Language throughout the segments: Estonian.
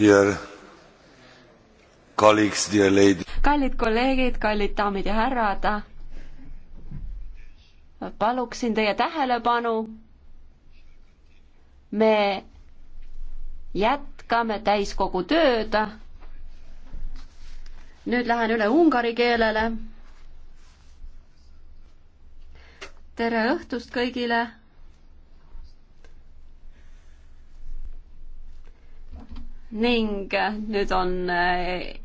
Dear colleagues, dear ladies. kallid kolleegid, kallid daamid ja härrad. paluksin teie tähelepanu. me jätkame täiskogu tööd. nüüd lähen üle ungari keelele. tere õhtust kõigile ning nüüd on eh,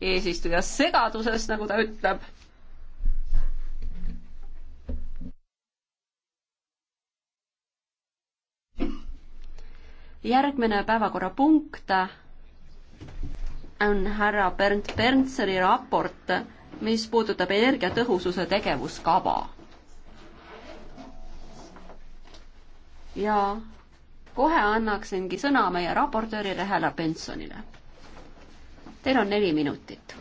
eesistuja segaduses, nagu ta ütleb. järgmine päevakorrapunkt on härra Bernd Berntseri raport, mis puudutab energiatõhususe tegevuskava. ja kohe annaksingi sõna meie raportöörile Hela Bensonile. Teil on neli minutit.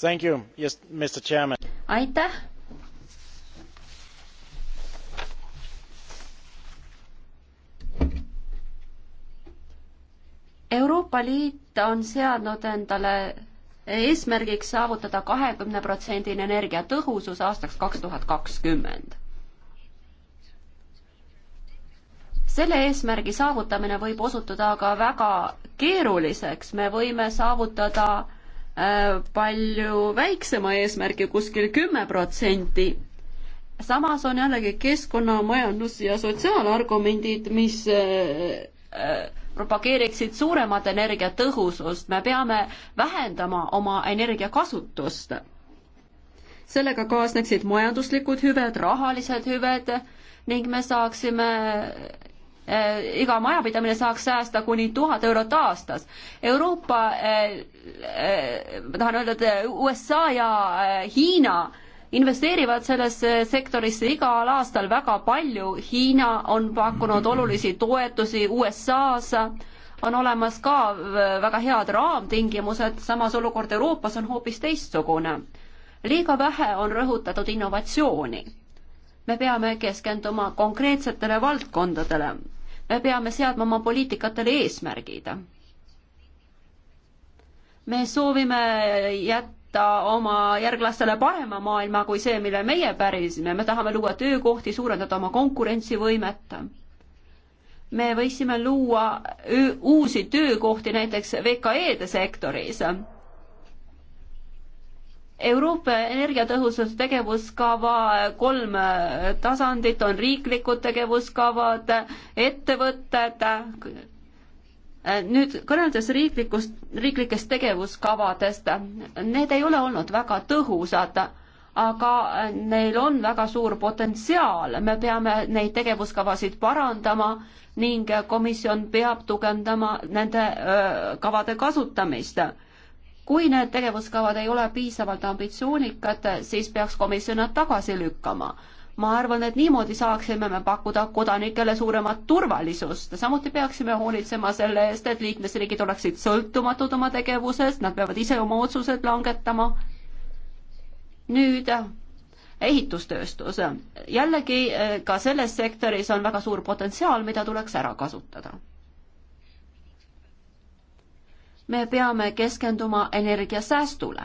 Thank you, yes, Mr Chairman. aitäh. Euroopa Liit on seadnud endale eesmärgiks saavutada kahekümne protsendine energiatõhusus aastaks kaks tuhat kakskümmend selle eesmärgi saavutamine võib osutuda aga väga keeruliseks, me võime saavutada äh, palju väiksema eesmärgi kuskil, kuskil kümme protsenti samas on jällegi keskkonna, majandus ja sotsiaalargumendid, mis äh, äh, propageeriksid suuremat energiatõhusust, me peame vähendama oma energiakasutust. sellega kaasneksid majanduslikud hüved, rahalised hüved ning me saaksime Eh, iga majapidamine saaks säästa kuni tuhat eurot aastas. Euroopa, ma eh, eh, tahan öelda, et USA ja Hiina investeerivad sellesse sektorisse igal aastal väga palju, Hiina on pakkunud olulisi toetusi USA-s, on olemas ka väga head raamtingimused, samas olukord Euroopas on hoopis teistsugune. liiga vähe on rõhutatud innovatsiooni. me peame keskenduma konkreetsetele valdkondadele me peame seadma oma poliitikatele eesmärgid. me soovime jätta oma järglastele parema maailma kui see, mille meie pärisime, me tahame luua töökohti, suurendada oma konkurentsivõimet. me võiksime luua uusi töökohti näiteks VKE-de sektoris Euroopa energiatõhususe tegevuskava kolm tasandit on riiklikud tegevuskavad, ettevõtted, nüüd kõneldes riiklikust, riiklikest tegevuskavadest, need ei ole olnud väga tõhusad, aga neil on väga suur potentsiaal, me peame neid tegevuskavasid parandama ning komisjon peab tugevdama nende öö, kavade kasutamist kui need tegevuskavad ei ole piisavalt ambitsioonikad, siis peaks komisjon nad tagasi lükkama. ma arvan, et niimoodi saaksime me pakkuda kodanikele suuremat turvalisust, samuti peaksime hoolitsema selle eest, et liikmesriigid oleksid sõltumatud oma tegevuses, nad peavad ise oma otsused langetama. nüüd ehitustööstus. jällegi ka selles sektoris on väga suur potentsiaal, mida tuleks ära kasutada me peame keskenduma energiasäästule.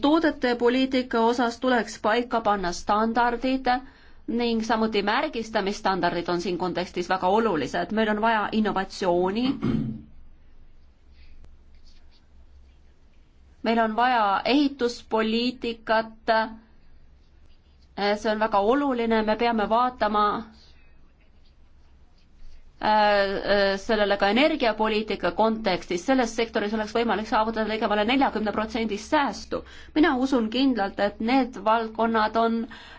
toodete poliitika osas tuleks paika panna standardid ning samuti märgistamisstandardid on siin kontekstis väga olulised, meil on vaja innovatsiooni. meil on vaja ehituspoliitikat. see on väga oluline, me peame vaatama, Äh, äh, sellele ka energiapoliitika kontekstis, selles sektoris oleks võimalik saavutada ligemale neljakümne protsendist säästu. mina usun kindlalt, et need valdkonnad on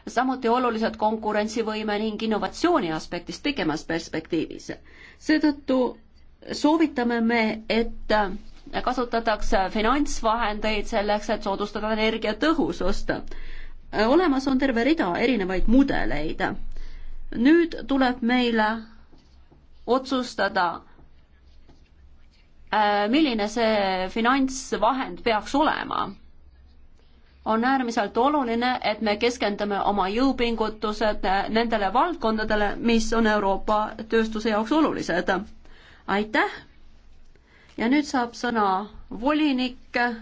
samuti olulised konkurentsivõime ning innovatsiooni aspektist pikemas perspektiivis. seetõttu soovitame me, et äh, kasutatakse finantsvahendeid selleks, et soodustada energiatõhusust. olemas on terve rida erinevaid mudeleid. nüüd tuleb meile otsustada, äh, milline see finantsvahend peaks olema. on äärmiselt oluline, et me keskendume oma jõupingutused äh, nendele valdkondadele, mis on Euroopa tööstuse jaoks olulised. aitäh! ja nüüd saab sõna volinik äh,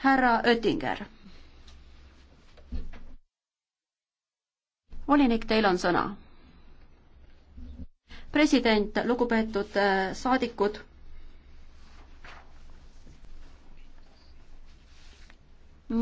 härra Oettinger. volinik, teil on sõna president, lugupeetud äh, saadikud.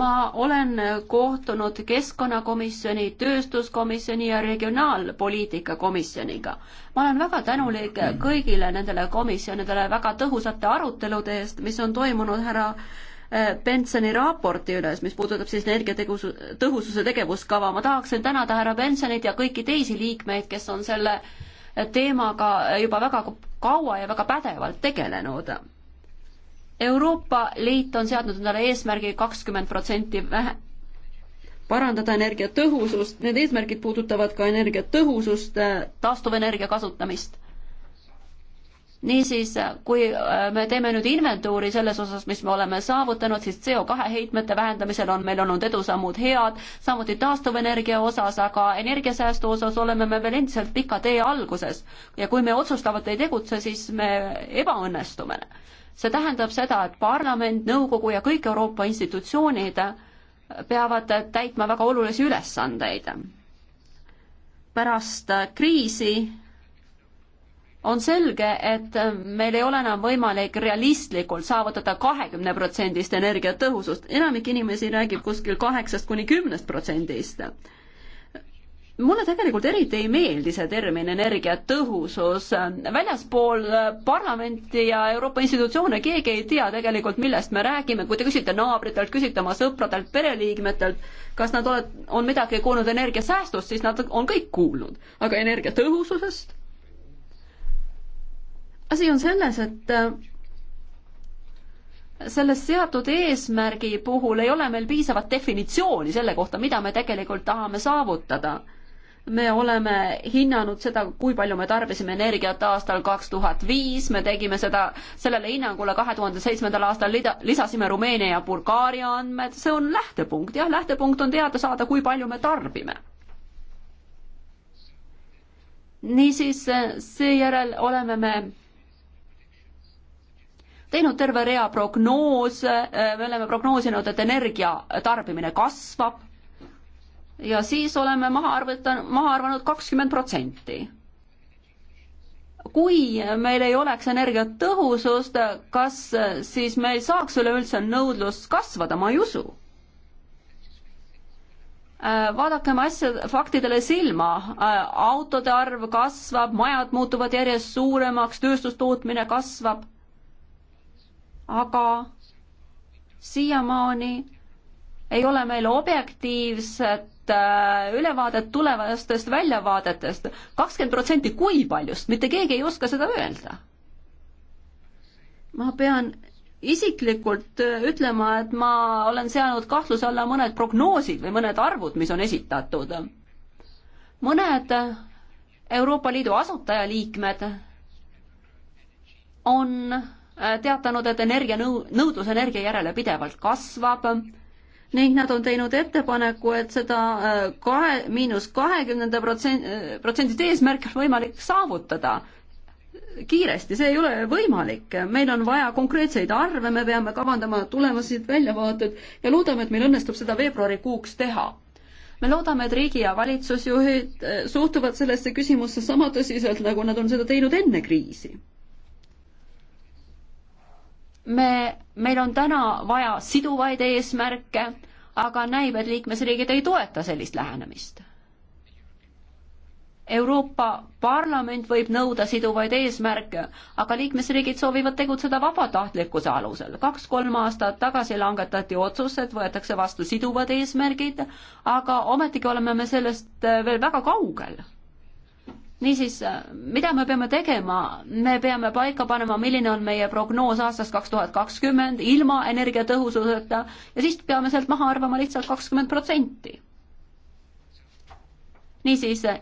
ma olen kohtunud Keskkonnakomisjoni, Tööstuskomisjoni ja Regionaalpoliitika komisjoniga. ma olen väga tänulik kõigile nendele komisjonidele väga tõhusate arutelude eest, mis on toimunud härra äh, Bensoni raporti üles, mis puudutab siis energiategusu, tõhususe tegevuskava. ma tahaksin tänada härra Bensonit ja kõiki teisi liikmeid, kes on selle äh, teemaga juba väga kaua ja väga pädevalt tegelenud. Euroopa Liit on seadnud endale eesmärgi kakskümmend protsenti vähe, parandada energiatõhusust, need eesmärgid puudutavad ka energiatõhusust, taastuvenergia kasutamist niisiis, kui äh, me teeme nüüd inventuuri selles osas, mis me oleme saavutanud, siis CO2 heitmete vähendamisel on meil olnud edusammud head, samuti taastuvenergia osas, aga energiasäästu osas oleme me veel endiselt pika tee alguses. ja kui me otsustavalt ei tegutse, siis me ebaõnnestume. see tähendab seda, et parlament, nõukogu ja kõik Euroopa institutsioonid peavad täitma väga olulisi ülesandeid. pärast kriisi on selge, et meil ei ole enam võimalik realistlikult saavutada kahekümne protsendist energiatõhusust, enamik inimesi räägib kuskil kaheksast kuni kümnest protsendist. mulle tegelikult eriti ei meeldi see termin energiatõhusus, väljaspool parlamenti ja Euroopa institutsioone keegi ei tea tegelikult, millest me räägime, kui te küsite naabritelt, küsite oma sõpradelt, pereliikmetelt, kas nad oled, on midagi kuulnud energiasäästust, siis nad on kõik kuulnud, aga energiatõhususest asi on selles, et äh, selles seatud eesmärgi puhul ei ole meil piisavat definitsiooni selle kohta, mida me tegelikult tahame saavutada. me oleme hinnanud seda, kui palju me tarbisime energiat aastal kaks tuhat viis, me tegime seda, sellele hinnangule kahe tuhande seitsmendal aastal lida, lisasime Rumeenia ja Bulgaaria andmed, see on lähtepunkt, jah, lähtepunkt on teada saada, kui palju me tarbime niisiis äh, seejärel oleme me teinud terve rea prognoose, äh, me oleme prognoosinud, et energia tarbimine kasvab ja siis oleme maha arvutanud, maha arvanud kakskümmend protsenti kui meil ei oleks energiatõhusust, kas siis me ei saaks üleüldse nõudlust kasvada, ma ei usu. Äh, vaadakem asja faktidele silma, äh, autode arv kasvab, majad muutuvad järjest suuremaks, tööstustootmine kasvab aga siiamaani ei ole meil objektiivset äh, ülevaadet tulevastest väljavaadetest. kakskümmend protsenti kui paljust, mitte keegi ei oska seda öelda. ma pean isiklikult äh, ütlema, et ma olen seadnud kahtluse alla mõned prognoosid või mõned arvud, mis on esitatud. mõned Euroopa Liidu asutajaliikmed on Äh, teatanud, et energianõu-, nõudlus energia järele pidevalt kasvab ning nad on teinud ettepaneku, et seda äh, kahe, miinus kahekümnenda protsendi, äh, protsendist eesmärk on võimalik saavutada kiiresti, see ei ole võimalik, meil on vaja konkreetseid arve, me peame kavandama tulemusid, väljavaated ja loodame, et meil õnnestub seda veebruarikuuks teha. me loodame, et riigi ja valitsusjuhid suhtuvad sellesse küsimusse sama tõsiselt, nagu nad on seda teinud enne kriisi me, meil on täna vaja siduvaid eesmärke, aga näib, et liikmesriigid ei toeta sellist lähenemist. Euroopa Parlament võib nõuda siduvaid eesmärke, aga liikmesriigid soovivad tegutseda vabatahtlikkuse alusel. kaks-kolm aastat tagasi langetati otsus, et võetakse vastu siduvad eesmärgid, aga ometigi oleme me sellest eh, veel väga kaugel niisiis, äh, mida me peame tegema, me peame paika panema, milline on meie prognoos aastast kaks tuhat kakskümmend ilma energiatõhususeta ja siis peame sealt maha arvama lihtsalt kakskümmend protsenti. niisiis, äh,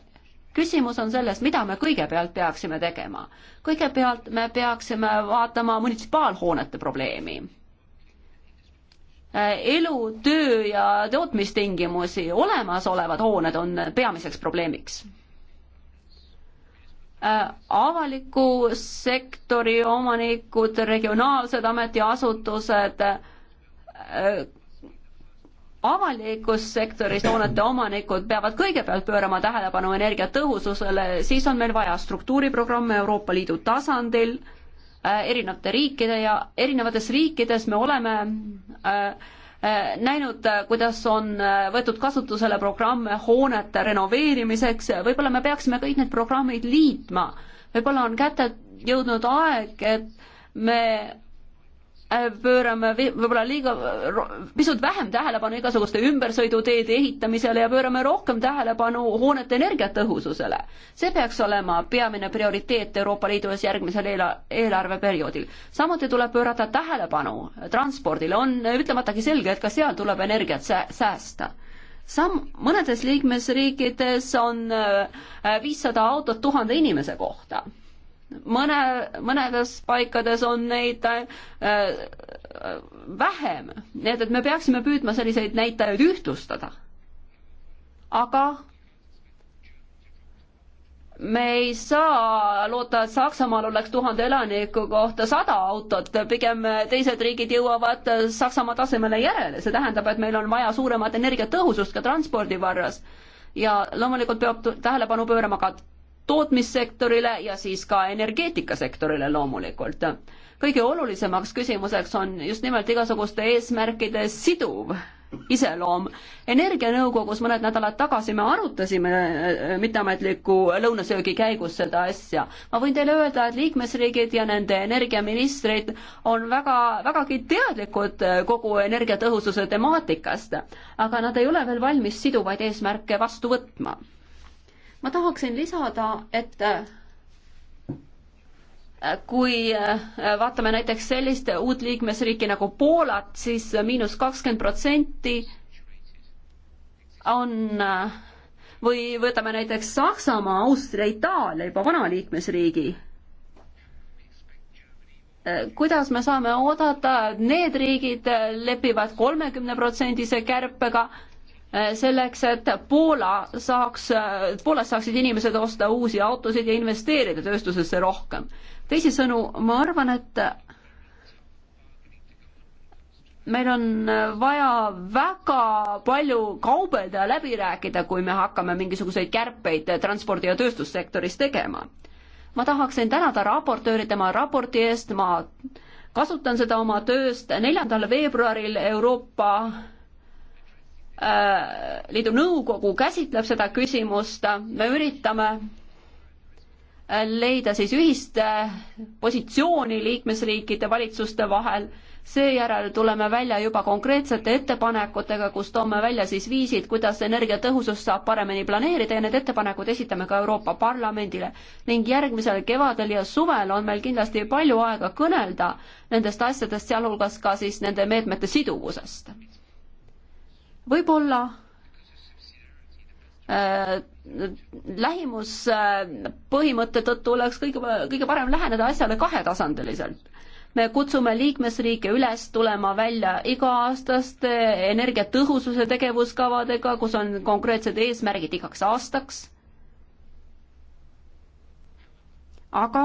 küsimus on selles, mida me kõigepealt peaksime tegema. kõigepealt me peaksime vaatama munitsipaalhoonete probleemi äh, elu, töö ja tootmistingimusi, olemasolevad hooned on peamiseks probleemiks Äh, avaliku sektori omanikud, regionaalsed ametiasutused, äh, avalikus sektoris hoonete omanikud peavad kõigepealt pöörama tähelepanu energiatõhususele, siis on meil vaja struktuuriprogramme Euroopa Liidu tasandil, äh, erinevate riikide ja erinevates riikides me oleme äh, näinud, kuidas on võetud kasutusele programme hoonete renoveerimiseks, võib-olla me peaksime kõik need programmid liitma. võib-olla on kätte jõudnud aeg, et me Äh, pöörame võib-olla liiga, pisut vähem tähelepanu igasuguste ümbersõiduteede ehitamisele ja pöörame rohkem tähelepanu hoonete energiatõhususele. see peaks olema peamine prioriteet Euroopa Liidu ees järgmisel eela-, eelarveperioodil. samuti tuleb pöörata tähelepanu transpordile, on ütlematagi selge, et ka seal tuleb energiat sää-, säästa samm, mõnedes liikmesriikides on äh, viissada autot tuhande inimese kohta mõne, mõnedes paikades on neid äh, vähem, nii et, et me peaksime püüdma selliseid näitajaid ühtlustada. aga me ei saa loota, et Saksamaal oleks tuhande elaniku kohta sada autot, pigem teised riigid jõuavad Saksamaa tasemele järele, see tähendab, et meil on vaja suuremat energiatõhusust ka transpordi varras. ja loomulikult peab tähelepanu pöörama ka tootmissektorile ja siis ka energeetikasektorile loomulikult. kõige olulisemaks küsimuseks on just nimelt igasuguste eesmärkide siduv iseloom. energianõukogus mõned nädalad tagasi me arutasime äh, mitteametliku lõunasöögi käigus seda asja. ma võin teile öelda, et liikmesriigid ja nende energiaministrid on väga, vägagi teadlikud äh, kogu energiatõhususe temaatikast, aga nad ei ole veel valmis siduvaid eesmärke vastu võtma ma tahaksin lisada, et äh, kui äh, vaatame näiteks sellist uut liikmesriiki nagu Poolat, siis miinus kakskümmend protsenti on äh, või võtame näiteks Saksamaa, Austria, Itaalia juba vana liikmesriigi. kuidas me saame oodata, et need riigid lepivad kolmekümne protsendise kärpega selleks, et Poola saaks, Poolas saaksid inimesed osta uusi autosid ja investeerida tööstusesse rohkem. teisisõnu, ma arvan, et meil on vaja väga palju kaubelda ja läbi rääkida, kui me hakkame mingisuguseid kärpeid transpordi- ja tööstussektoris tegema. ma tahaksin tänada raportööri tema raporti eest, ma kasutan seda oma tööst, neljandal veebruaril Euroopa Liidu Nõukogu käsitleb seda küsimust, me üritame leida siis ühist positsiooni liikmesriikide valitsuste vahel, seejärel tuleme välja juba konkreetsete ettepanekutega, kus toome välja siis viisid, kuidas energiatõhusust saab paremini planeerida ja need ettepanekud esitame ka Euroopa Parlamendile. ning järgmisel kevadel ja suvel on meil kindlasti palju aega kõnelda nendest asjadest, sealhulgas ka siis nende meetmete siduvusest võib-olla äh, lähimuspõhimõtte äh, tõttu oleks kõige, kõige parem läheneda asjale kahetasandiliselt. me kutsume liikmesriike üles tulema välja iga-aastaste energiatõhususe tegevuskavadega, kus on konkreetsed eesmärgid igaks aastaks. aga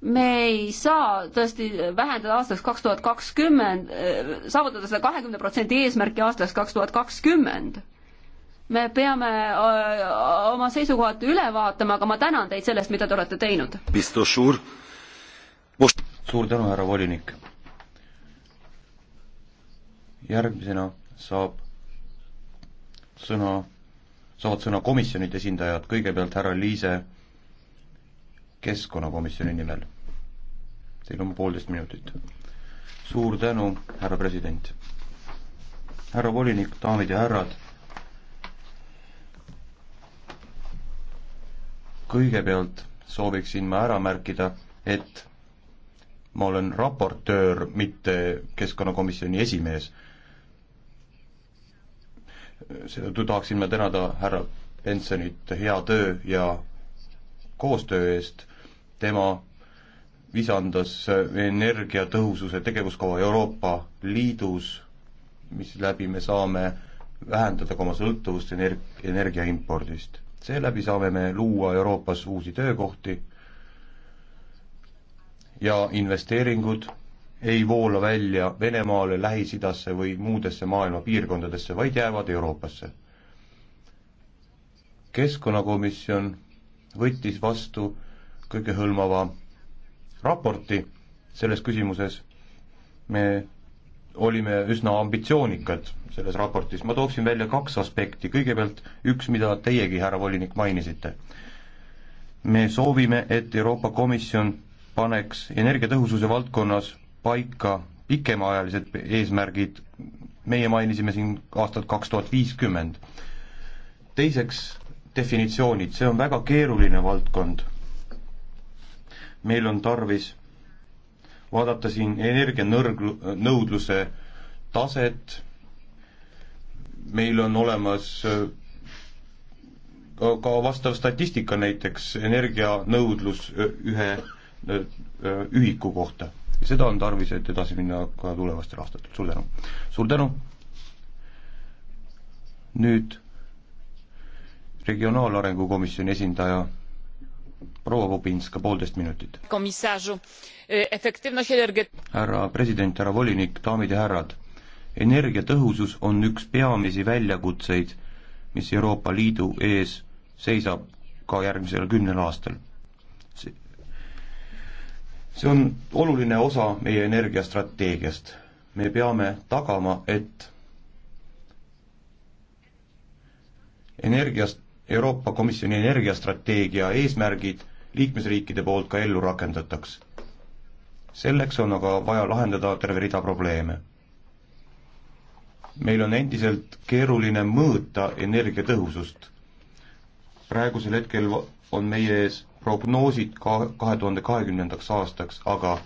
me ei saa tõesti vähendada aastaks kaks tuhat kakskümmend, saavutada seda kahekümne protsendi eesmärki aastaks kaks tuhat kakskümmend. me peame oma seisukohad üle vaatama, aga ma tänan teid sellest, mida te olete teinud. suur tänu, härra volinik. järgmisena saab sõna, saavad sõna komisjonide esindajad, kõigepealt härra Liise keskkonnakomisjoni nimel. Teil on poolteist minutit. suur tänu, härra president. härra volinik, daamid ja härrad. kõigepealt sooviksin ma ära märkida, et ma olen raportöör, mitte keskkonnakomisjoni esimees. seetõttu tahaksin ma tänada härra Bensonit hea töö ja koostöö eest tema visandas energiatõhususe tegevuskava Euroopa Liidus, mis läbi me saame vähendada ka oma sõltuvust energ-, energia impordist. seeläbi saame me luua Euroopas uusi töökohti ja investeeringud ei voola välja Venemaale, Lähis-Idasse või muudesse maailma piirkondadesse, vaid jäävad Euroopasse. keskkonnakomisjon võttis vastu kõigehõlmava raporti selles küsimuses. me olime üsna ambitsioonikad selles raportis, ma tooksin välja kaks aspekti, kõigepealt üks, mida teiegi, härra volinik, mainisite. me soovime, et Euroopa Komisjon paneks energiatõhususe valdkonnas paika pikemaajalised eesmärgid, meie mainisime siin aastat kaks tuhat viiskümmend. teiseks, definitsioonid, see on väga keeruline valdkond meil on tarvis vaadata siin energianõrg-, nõudluse taset, meil on olemas äh, ka, ka vastav statistika näiteks energianõudlus äh, ühe äh, ühiku kohta. seda on tarvis, et edasi minna ka tulevastel aastatel, suur tänu. suur tänu! nüüd regionaalarengu komisjoni esindaja proua Popinska, poolteist minutit. E, härra president, härra volinik, daamid ja härrad, energiatõhusus on üks peamisi väljakutseid, mis Euroopa Liidu ees seisab ka järgmisel kümnel aastal. see on oluline osa meie energiastrateegiast. me peame tagama, et energiast Euroopa Komisjoni energiastrateegia eesmärgid liikmesriikide poolt ka ellu rakendataks. selleks on aga vaja lahendada terve rida probleeme. meil on endiselt keeruline mõõta energiatõhusust. praegusel hetkel on meie ees prognoosid ka kahe tuhande kahekümnendaks aastaks, aga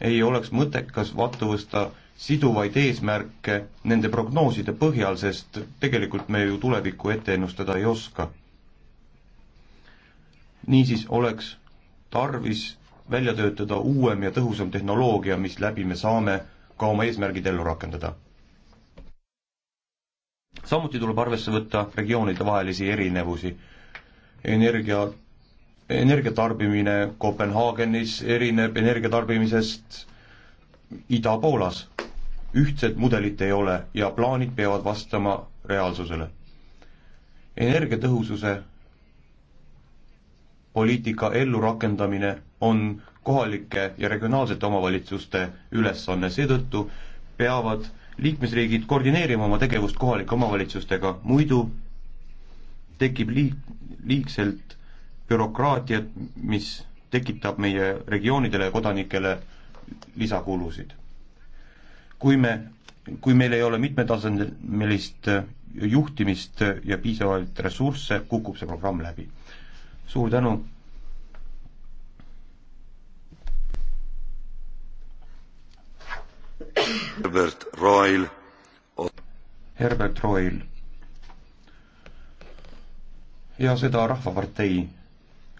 ei oleks mõttekas vastu võtta siduvaid eesmärke nende prognooside põhjal, sest tegelikult me ju tulevikku ette ennustada ei oska. niisiis oleks tarvis välja töötada uuem ja tõhusam tehnoloogia, mis läbi me saame ka oma eesmärgid ellu rakendada. samuti tuleb arvesse võtta regioonide vahelisi erinevusi. energia, energia tarbimine Kopenhaagenis erineb energia tarbimisest Ida-Poolas ühtset mudelit ei ole ja plaanid peavad vastama reaalsusele. energiatõhususe poliitika ellurakendamine on kohalike ja regionaalsete omavalitsuste ülesanne, seetõttu peavad liikmesriigid koordineerima oma tegevust kohalike omavalitsustega, muidu tekib liig-, liigselt bürokraatiat, mis tekitab meie regioonidele ja kodanikele lisakulusid kui me, kui meil ei ole mitmetasandilist äh, juhtimist äh, ja piisavalt ressursse, kukub see programm läbi. suur tänu. Herbert Roil. Herbert Roil. ja seda Rahvapartei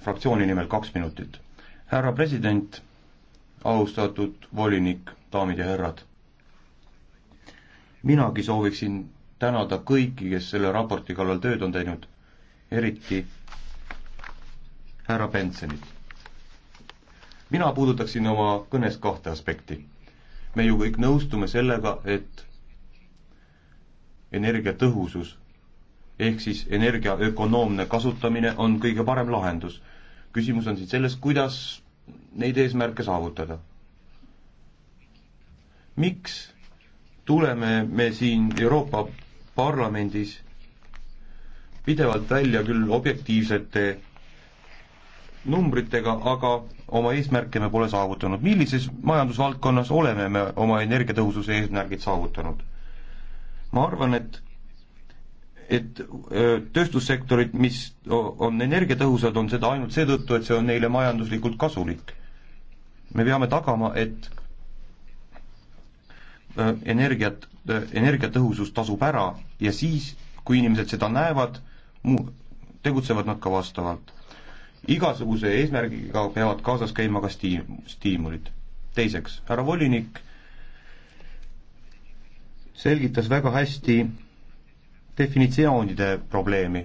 fraktsiooni nimel kaks minutit. härra president, austatud volinik, daamid ja härrad minagi sooviksin tänada kõiki, kes selle raporti kallal tööd on teinud, eriti härra Bensonit. mina puudutaksin oma kõnes kahte aspekti. me ju kõik nõustume sellega, et energiatõhusus ehk siis energia ökonoomne kasutamine on kõige parem lahendus. küsimus on siin selles, kuidas neid eesmärke saavutada. miks tuleme me siin Euroopa Parlamendis pidevalt välja küll objektiivsete numbritega, aga oma eesmärke me pole saavutanud. millises majandusvaldkonnas oleme me oma energiatõhususe eesmärgid saavutanud? ma arvan, et et tööstussektorid, mis on energiatõhusad, on seda ainult seetõttu, et see on neile majanduslikult kasulik. me peame tagama, et Äh, energiat, äh, energiatõhusus tasub ära ja siis, kui inimesed seda näevad, mu-, tegutsevad nad ka vastavalt. igasuguse eesmärgiga peavad kaasas käima ka stiim-, stiimulid. teiseks, härra volinik selgitas väga hästi definitsioonide probleemi.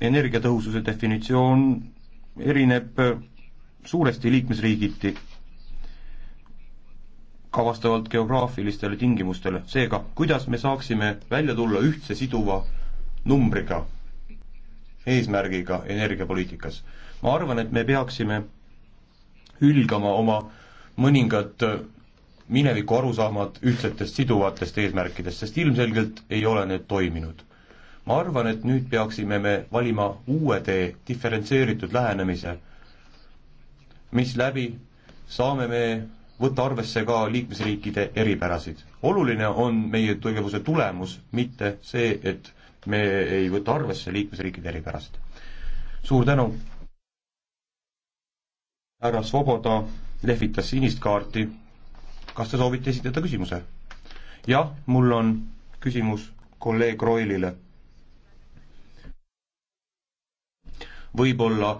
energiatõhususe definitsioon erineb suuresti liikmesriigiti ka vastavalt geograafilistele tingimustele. seega, kuidas me saaksime välja tulla ühtse siduva numbriga, eesmärgiga energiapoliitikas? ma arvan, et me peaksime hülgama oma mõningad äh, mineviku arusaamad ühtsetest siduvatest eesmärkidest, sest ilmselgelt ei ole need toiminud. ma arvan, et nüüd peaksime me valima uue tee, diferentseeritud lähenemise, mis läbi saame me võtta arvesse ka liikmesriikide eripärasid. oluline on meie tegevuse tulemus, mitte see, et me ei võta arvesse liikmesriikide eripärasid. suur tänu! härra Svoboda lehvitas sinist kaarti. kas te soovite esitada küsimuse? jah, mul on küsimus kolleeg Roilile. võib-olla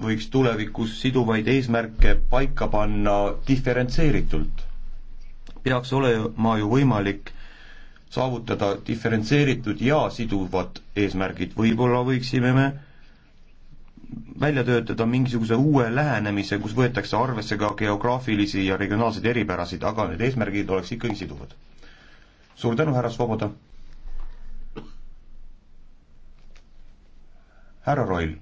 võiks tulevikus siduvaid eesmärke paika panna diferentseeritult. peaks olema ju võimalik saavutada diferentseeritud ja siduvad eesmärgid, võib-olla võiksime me välja töötada mingisuguse uue lähenemise, kus võetakse arvesse ka geograafilisi ja regionaalseid eripärasid, aga need eesmärgid oleks ikkagi siduvad. suur tänu, härra Svoboda! härra Roil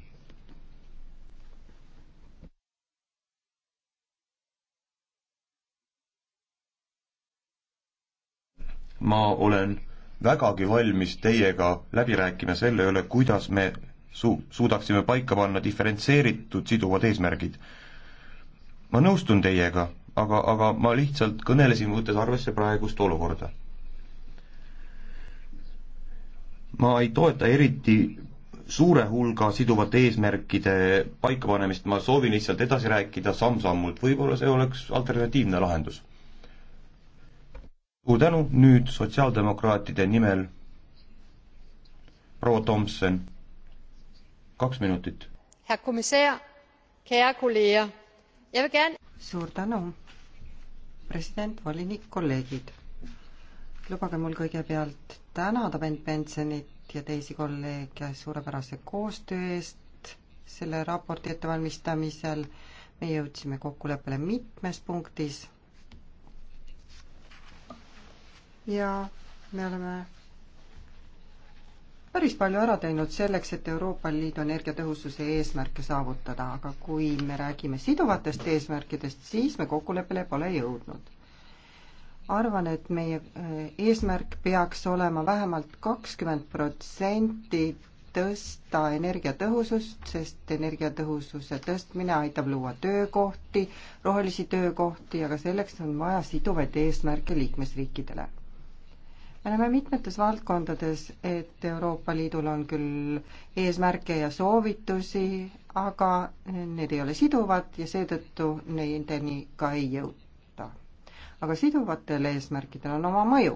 ma olen vägagi valmis teiega läbi rääkima selle üle, kuidas me su-, suudaksime paika panna diferentseeritud siduvad eesmärgid. ma nõustun teiega, aga, aga ma lihtsalt kõnelesin, võttes arvesse praegust olukorda. ma ei toeta eriti suure hulga siduvate eesmärkide paikapanemist, ma soovin lihtsalt edasi rääkida samm-sammult, võib-olla see oleks alternatiivne lahendus suur tänu, nüüd sotsiaaldemokraatide nimel proua Tomson, kaks minutit. suur tänu, president, volinik, kolleegid. lubage mul kõigepealt tänada Bent Bensonit ja teisi kolleege suurepärase koostöö eest, selle raporti ettevalmistamisel me jõudsime kokkuleppele mitmes punktis ja me oleme päris palju ära teinud selleks, et Euroopa Liidu energiatõhususe eesmärke saavutada, aga kui me räägime siduvatest eesmärkidest, siis me kokkuleppele pole jõudnud. arvan, et meie äh, eesmärk peaks olema vähemalt kakskümmend protsenti tõsta energiatõhusust, sest energiatõhususe tõstmine aitab luua töökohti, rohelisi töökohti, aga selleks on vaja siduvaid eesmärke liikmesriikidele me näeme mitmetes valdkondades, et Euroopa Liidul on küll eesmärke ja soovitusi, aga need ei ole siduvad ja seetõttu nendeni ka ei jõuta. aga siduvatel eesmärkidel on oma mõju.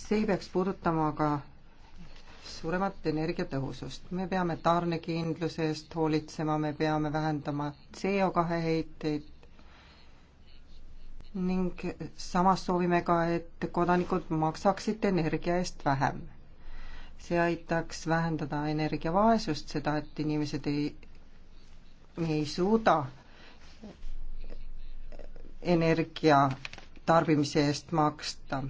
see peaks puudutama ka suuremat energiatõhusust. me peame tarnekindluse eest hoolitsema, me peame vähendama CO2 heiteid, ning samas soovime ka, et kodanikud maksaksid energia eest vähem. see aitaks vähendada energiavaesust, seda, et inimesed ei, ei suuda energia tarbimise eest maksta.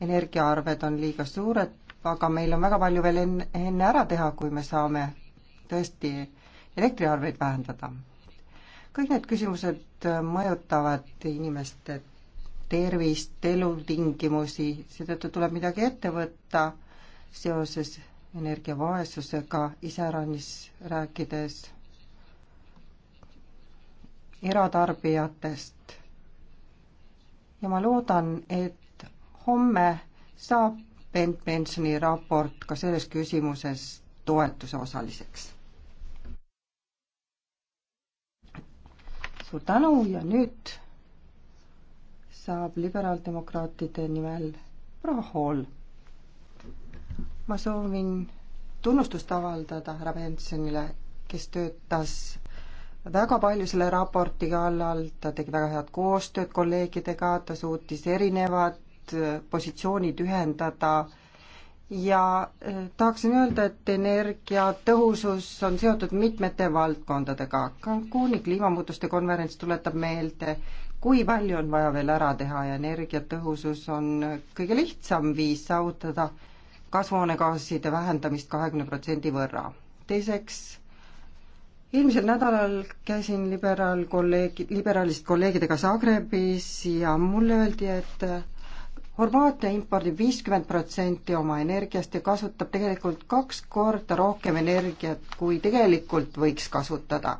energiaarved on liiga suured, aga meil on väga palju veel enne, enne ära teha, kui me saame tõesti elektriarveid vähendada kõik need küsimused äh, mõjutavad inimeste tervist, elutingimusi, seetõttu tuleb midagi ette võtta seoses energiavaesusega iseäranis rääkides eratarbijatest. ja ma loodan, et homme saab Bent Bensoni raport ka selles küsimuses toetuse osaliseks. suur tänu ja nüüd saab liberaaldemokraatide nimel proua Hall. ma soovin tunnustust avaldada härra Bensonile, kes töötas väga palju selle raporti kallal, ta tegi väga head koostööd kolleegidega, ta suutis erinevad positsioonid ühendada ja äh, tahaksin öelda, et energiatõhusus on seotud mitmete valdkondadega. Cancuni kliimamuutuste konverents tuletab meelde, kui palju on vaja veel ära teha ja energiatõhusus on kõige lihtsam viis saavutada kasvuhoonegaaside vähendamist kahekümne protsendi võrra. teiseks, eelmisel nädalal käisin liberaal kolleegi, liberaalist kolleegidega Zagrebis ja mulle öeldi, et Horvaatia impordib viiskümmend protsenti oma energiast ja kasutab tegelikult kaks korda rohkem energiat, kui tegelikult võiks kasutada.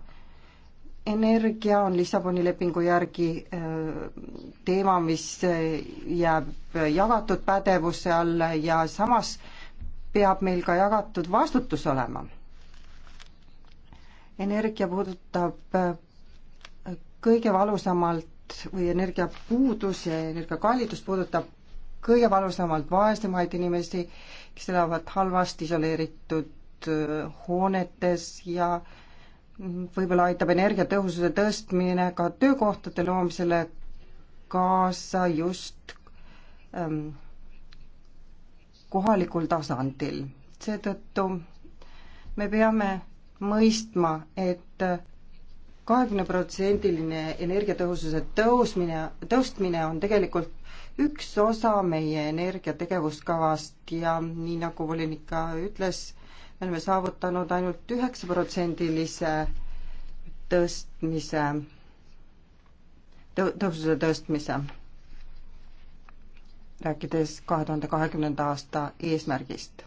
energia on Lissaboni lepingu järgi äh, teema, mis äh, jääb jagatud pädevuse alla ja samas peab meil ka jagatud vastutus olema. energia puudutab äh, kõige valusamalt või energiapuudus ja energiakallidus puudutab kõige valusamalt vaesemaid inimesi, kes elavad halvasti isoleeritud äh, hoonetes ja võib-olla aitab energiatõhususe tõstmine ka töökohtade loomisele kaasa just ähm, kohalikul tasandil. seetõttu me peame mõistma et, et äh, kahekümneprotsendiline energiatõhususe tõusmine, tõstmine on tegelikult üks osa meie energiategevuskavast ja nii nagu volinik ka ütles, me oleme saavutanud ainult üheksaprotsendilise tõstmise tõ,, tõhususe tõstmise, rääkides kahe tuhande kahekümnenda aasta eesmärgist.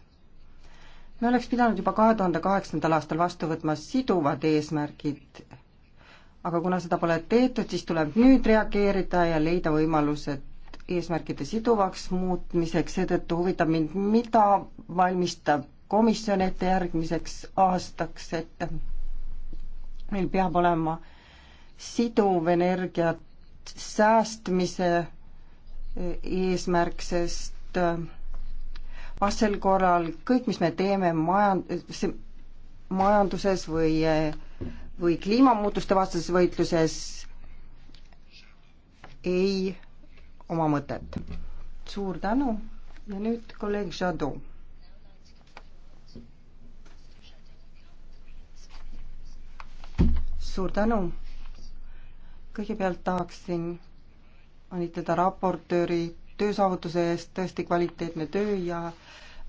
me oleks pidanud juba kahe tuhande kaheksandal aastal vastu võtma siduvad eesmärgid, aga kuna seda pole tehtud, siis tuleb nüüd reageerida ja leida võimalused eesmärkide siduvaks muutmiseks, seetõttu huvitab mind, mida valmistab komisjon ette järgmiseks aastaks, et meil peab olema siduv energiat säästmise eesmärk, sest äh, vastasel korral kõik, mis me teeme majand-, majanduses või, äh, või kliimamuutuste vastases võitluses, ei oma mõtet. suur tänu ja nüüd kolleeg Jadot. suur tänu. kõigepealt tahaksin õnnitleda raportööri töösaavutuse eest, tõesti kvaliteetne töö ja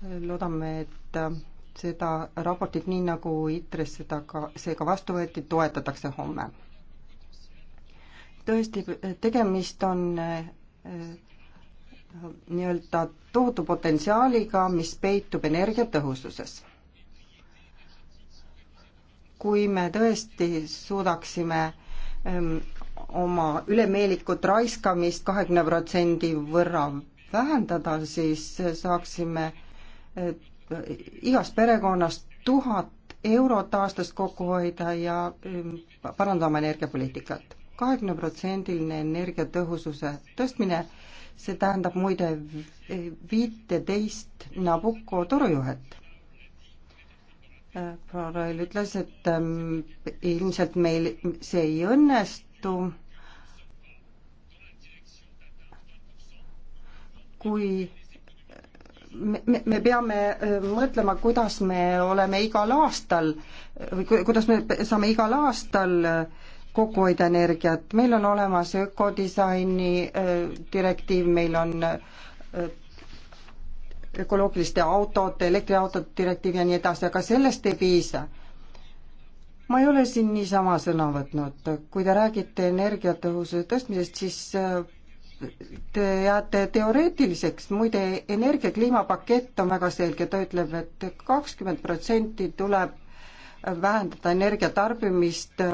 loodame, et äh, seda raportit, nii nagu ITRES seda ka, see ka vastu võeti, toetatakse homme. tõesti, tegemist on äh, nii-öelda tohutu potentsiaaliga, mis peitub energiatõhususes. kui me tõesti suudaksime ähm, oma ülemeelikut raiskamist kahekümne protsendi võrra vähendada, siis saaksime äh, igast perekonnast tuhat eurot aastas kokku hoida ja ähm, parandama energiapoliitikat kahekümneprotsendiline energiatõhususe tõstmine, see tähendab muide viiteist Nabucco torujuhet. Prorail ütles, et ähm, ilmselt meil see ei õnnestu, kui me, me, me peame äh, mõtlema, kuidas me oleme igal aastal või kuidas me saame igal aastal äh, kokku hoida energiat. meil on olemas ökodisaini äh, direktiiv, meil on äh, ökoloogiliste autode, elektriautode direktiiv ja nii edasi, aga sellest ei piisa. ma ei ole siin niisama sõna võtnud, kui te räägite energiatõhususe tõstmisest, siis äh, te jääte teoreetiliseks, muide energia kliimapakett on väga selge, ta ütleb et, et kakskümmend protsenti tuleb vähendada energiatarbimist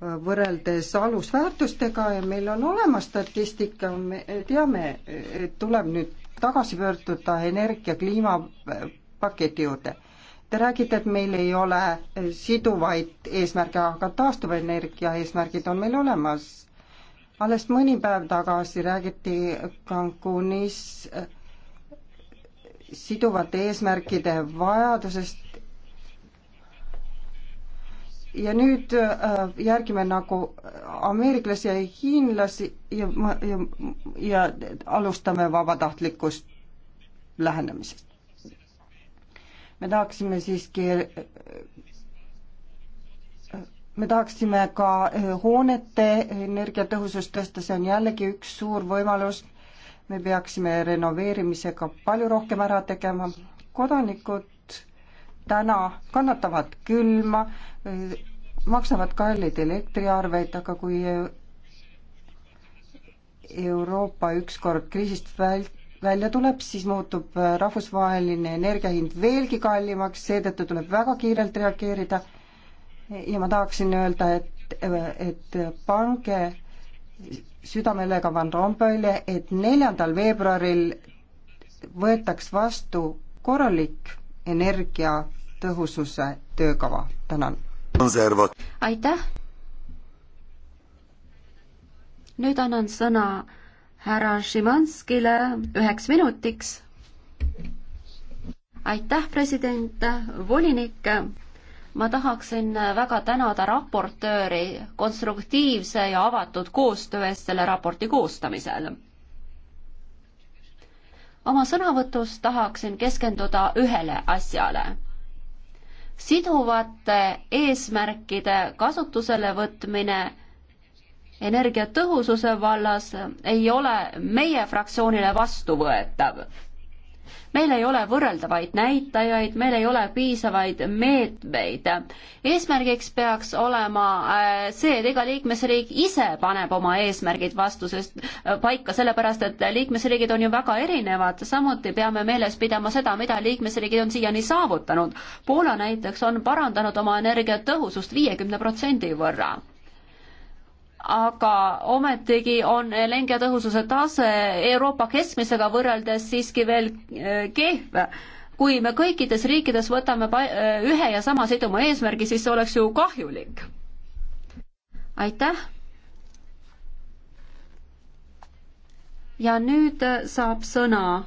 võrreldes alusväärtustega ja meil on olemas statistika, me teame, et tuleb nüüd tagasi pöörduda energia kliimapaketi juurde. Te räägite, et meil ei ole siduvaid eesmärke, aga taastuvenergia eesmärgid on meil olemas. alles mõni päev tagasi räägiti Cancunis siduvate eesmärkide vajadusest ja nüüd äh, järgime nagu ameeriklasi ja hiinlasi ja, ja, ja alustame vabatahtlikust lähenemisest. me tahaksime siiski, äh, me tahaksime ka äh, hoonete energiatõhusust tõsta, see on jällegi üks suur võimalus, me peaksime renoveerimisega palju rohkem ära tegema, kodanikud täna kannatavad külma, maksavad kalleid elektriarveid, aga kui Euroopa ükskord kriisist väl-, välja tuleb, siis muutub rahvusvaheline energia hind veelgi kallimaks, seetõttu tuleb väga kiirelt reageerida ja ma tahaksin öelda, et, et pange südamelega Van Rompuyle, et neljandal veebruaril võetaks vastu korralik energia tõhususe töökava, tänan. aitäh. nüüd annan sõna härra Šimanskile üheks minutiks. aitäh, president, volinik ma tahaksin väga tänada raportööri konstruktiivse ja avatud koostöö eest selle raporti koostamisel. oma sõnavõtus tahaksin keskenduda ühele asjale siduvate eesmärkide kasutusele võtmine energiatõhususe vallas ei ole meie fraktsioonile vastuvõetav meil ei ole võrreldavaid näitajaid, meil ei ole piisavaid meetmeid. eesmärgiks peaks olema äh, see, et iga liikmesriik ise paneb oma eesmärgid vastusest äh, paika, sellepärast et liikmesriigid on ju väga erinevad, samuti peame meeles pidama seda, mida liikmesriigid on siiani saavutanud. Poola näiteks on parandanud oma energiatõhusust viiekümne protsendi võrra aga ometigi on energiatõhususe tase Euroopa keskmisega võrreldes siiski veel äh, kehv. kui me kõikides riikides võtame äh, ühe ja sama siduma eesmärgi, siis see oleks ju kahjulik. aitäh. ja nüüd äh, saab sõna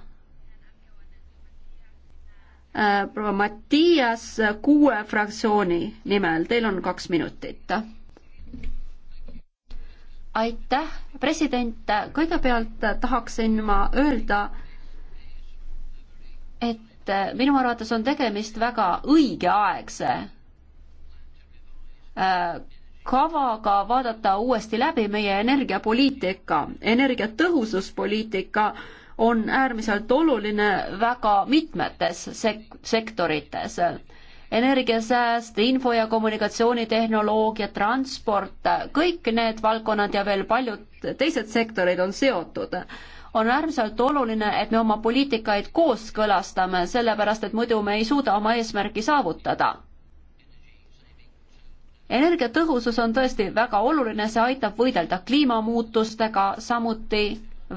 proua Mattias kuue fraktsiooni nimel, teil on kaks minutit aitäh, president, kõigepealt tahaksin ma öelda, et minu arvates on tegemist väga õigeaegse äh, kavaga vaadata uuesti läbi meie energiapoliitika, energiatõhususpoliitika on äärmiselt oluline väga mitmetes sek-, sektorites energiasääst, info- ja kommunikatsioonitehnoloogia, transport, kõik need valdkonnad ja veel paljud teised sektorid on seotud on äärmiselt oluline, et me oma poliitikaid kooskõlastame, sellepärast et muidu me ei suuda oma eesmärki saavutada. energiatõhusus on tõesti väga oluline, see aitab võidelda kliimamuutustega, samuti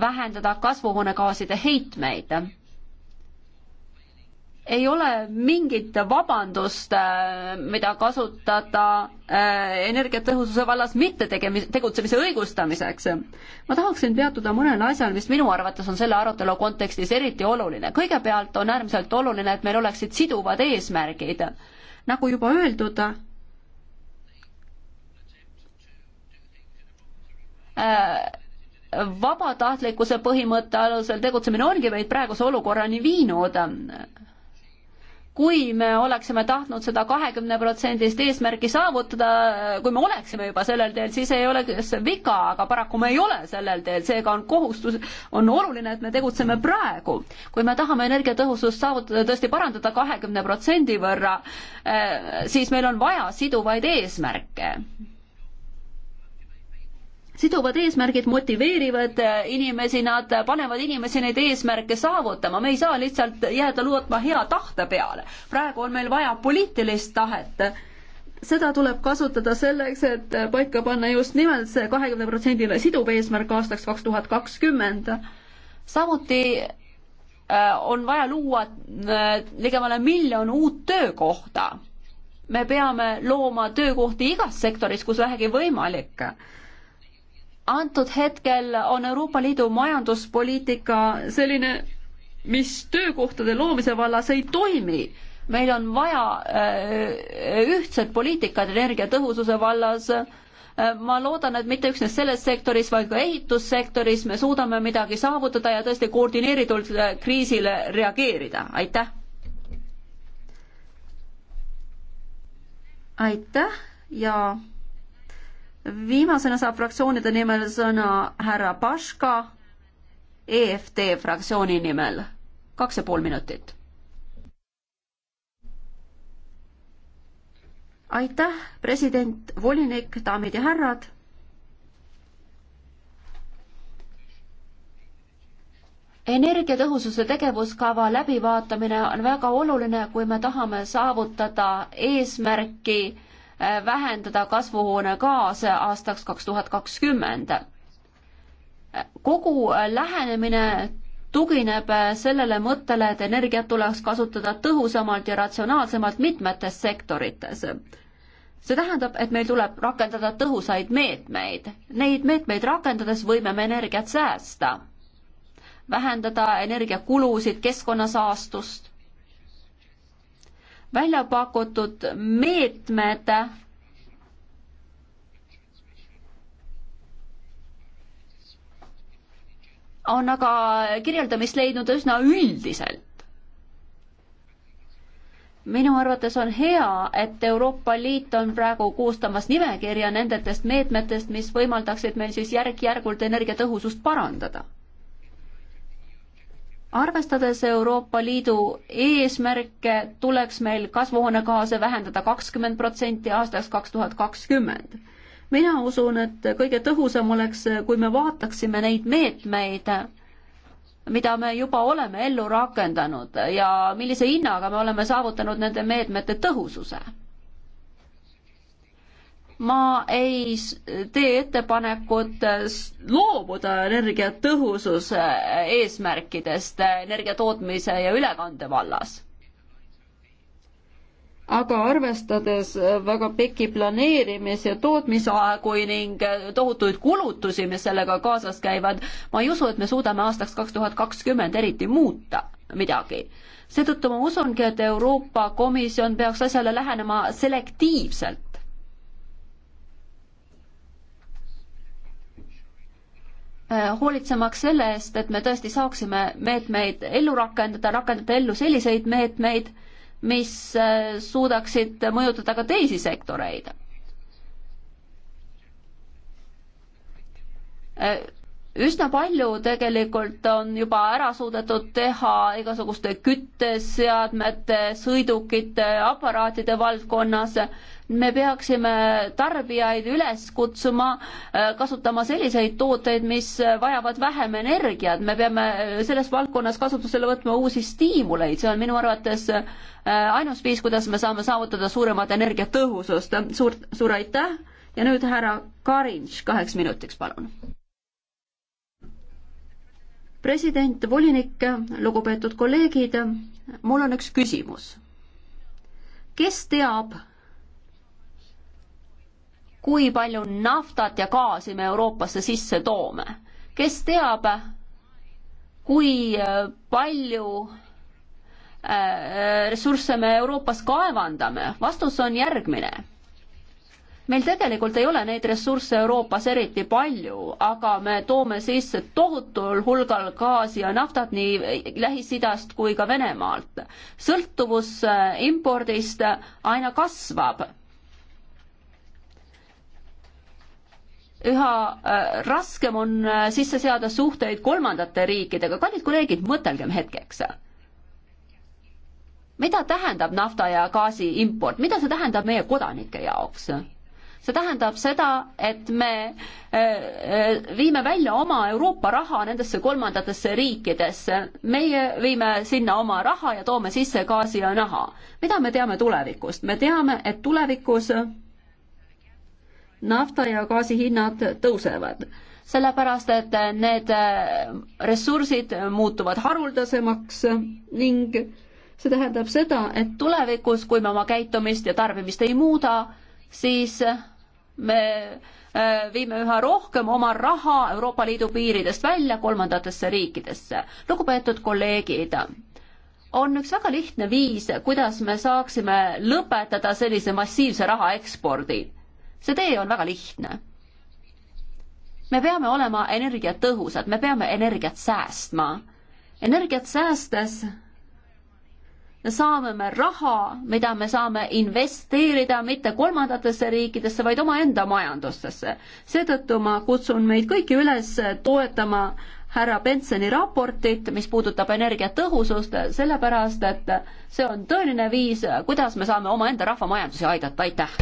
vähendada kasvuhoonegaaside heitmeid ei ole mingit vabandust, äh, mida kasutada äh, energiatõhususe vallas mitte tegemise, tegutsemise õigustamiseks. ma tahaksin peatuda mõnel asjal, mis minu arvates on selle arutelu kontekstis eriti oluline. kõigepealt on äärmiselt oluline, et meil oleksid siduvad eesmärgid. nagu juba öeldud, äh, vabatahtlikkuse põhimõtte alusel tegutsemine ongi meid praeguse olukorrani viinud kui me oleksime tahtnud seda kahekümne protsendist eesmärki saavutada, kui me oleksime juba sellel teel, siis ei oleks viga, aga paraku me ei ole sellel teel, seega on kohustus, on oluline, et me tegutseme praegu. kui me tahame energiatõhusust saavutada, tõesti parandada kahekümne protsendi võrra, eh, siis meil on vaja siduvaid eesmärke siduvad eesmärgid motiveerivad äh, inimesi, nad panevad inimesi neid eesmärke saavutama, me ei saa lihtsalt jääda lootma hea tahte peale. praegu on meil vaja poliitilist tahet. seda tuleb kasutada selleks, et paika panna just nimelt see kahekümne protsendile siduv eesmärk aastaks kaks tuhat kakskümmend. samuti äh, on vaja luua äh, ligemale miljon uut töökohta. me peame looma töökohti igas sektoris, kus vähegi võimalik antud hetkel on Euroopa Liidu majanduspoliitika selline, mis töökohtade loomise vallas ei toimi. meil on vaja äh, ühtset poliitikat energiatõhususe vallas. Äh, ma loodan, et mitte üksnes selles sektoris, vaid ka ehitussektoris me suudame midagi saavutada ja tõesti koordineeritult äh, kriisile reageerida. aitäh. aitäh ja viimasena saab fraktsioonide nimel sõna härra Paška EFT fraktsiooni nimel. kaks ja pool minutit. aitäh, president, volinik, daamid ja härrad energiatõhususe tegevuskava läbivaatamine on väga oluline, kui me tahame saavutada eesmärki Äh, vähendada kasvuhoonegaase aastaks kaks tuhat kakskümmend. kogu äh, lähenemine tugineb äh, sellele mõttele, et energiat tuleks kasutada tõhusamalt ja ratsionaalsemalt mitmetes sektorites. see tähendab, et meil tuleb rakendada tõhusaid meetmeid. Neid meetmeid rakendades võime me energiat säästa, vähendada energiakulusid, keskkonnasaastust välja pakutud meetmed on aga kirjeldamist leidnud üsna üldiselt. minu arvates on hea, et Euroopa Liit on praegu koostamas nimekirja nendest meetmetest, mis võimaldaksid meil siis järk-järgult energiatõhusust parandada arvestades Euroopa Liidu eesmärke, tuleks meil kasvuhoonegaase vähendada kakskümmend protsenti aastaks kaks tuhat kakskümmend. mina usun, et kõige tõhusam oleks, kui me vaataksime neid meetmeid, mida me juba oleme ellu rakendanud ja millise hinnaga me oleme saavutanud nende meetmete tõhususe ma ei tee ettepanekut loobuda energiatõhususe eesmärkidest energia tootmise ja ülekande vallas. aga arvestades väga pikki planeerimis- ja tootmisaegu ning tohutuid kulutusi, mis sellega kaasas käivad, ma ei usu, et me suudame aastaks kaks tuhat kakskümmend eriti muuta midagi. seetõttu ma usungi, et Euroopa Komisjon peaks asjale lähenema selektiivselt Äh, hoolitsemaks selle eest, et me tõesti saaksime meetmeid ellu rakendada, rakendada ellu selliseid meetmeid, mis äh, suudaksid mõjutada ka teisi sektoreid äh, üsna palju tegelikult on juba ära suudetud teha igasuguste kütteseadmete, sõidukite, aparaatide valdkonnas. me peaksime tarbijaid üles kutsuma äh, kasutama selliseid tooteid, mis vajavad vähem energiat. me peame selles valdkonnas kasutusele võtma uusi stiimuleid, see on minu arvates äh, ainus viis, kuidas me saame saavutada suuremat energiatõhusust. suur, suur aitäh ja nüüd härra Karinš kaheks minutiks, palun president, volinik, lugupeetud kolleegid, mul on üks küsimus. kes teab, kui palju naftat ja gaasi me Euroopasse sisse toome? kes teab, kui palju äh, ressursse me Euroopas kaevandame? vastus on järgmine meil tegelikult ei ole neid ressursse Euroopas eriti palju, aga me toome sisse tohutul hulgal gaasi ja naftat nii Lähis-Idast kui ka Venemaalt. sõltuvus äh, impordist äh, aina kasvab. üha äh, raskem on sisse seada suhteid kolmandate riikidega, kallid kolleegid, mõtelgem hetkeks mida tähendab nafta ja gaasi import, mida see tähendab meie kodanike jaoks? see tähendab seda, et me äh, äh, viime välja oma Euroopa raha nendesse kolmandatesse riikidesse. meie viime sinna oma raha ja toome sisse gaasi ja naha. mida me teame tulevikust? me teame, et tulevikus nafta ja gaasi hinnad tõusevad sellepärast et need äh, ressursid muutuvad haruldasemaks ning see tähendab seda, et tulevikus, kui me oma käitumist ja tarbimist ei muuda, siis me äh, viime üha rohkem oma raha Euroopa Liidu piiridest välja kolmandatesse riikidesse. lugupeetud kolleegid, on üks väga lihtne viis, kuidas me saaksime lõpetada sellise massiivse raha ekspordi. see tee on väga lihtne. me peame olema energiatõhusad, me peame energiat säästma. energiat säästes saame me raha, mida me saame investeerida mitte kolmandatesse riikidesse, vaid omaenda majandustesse. seetõttu ma kutsun meid kõiki üles toetama härra Bensoni raportit, mis puudutab energiatõhusust, sellepärast et see on tõeline viis, kuidas me saame omaenda rahvamajandusi aidata, aitäh!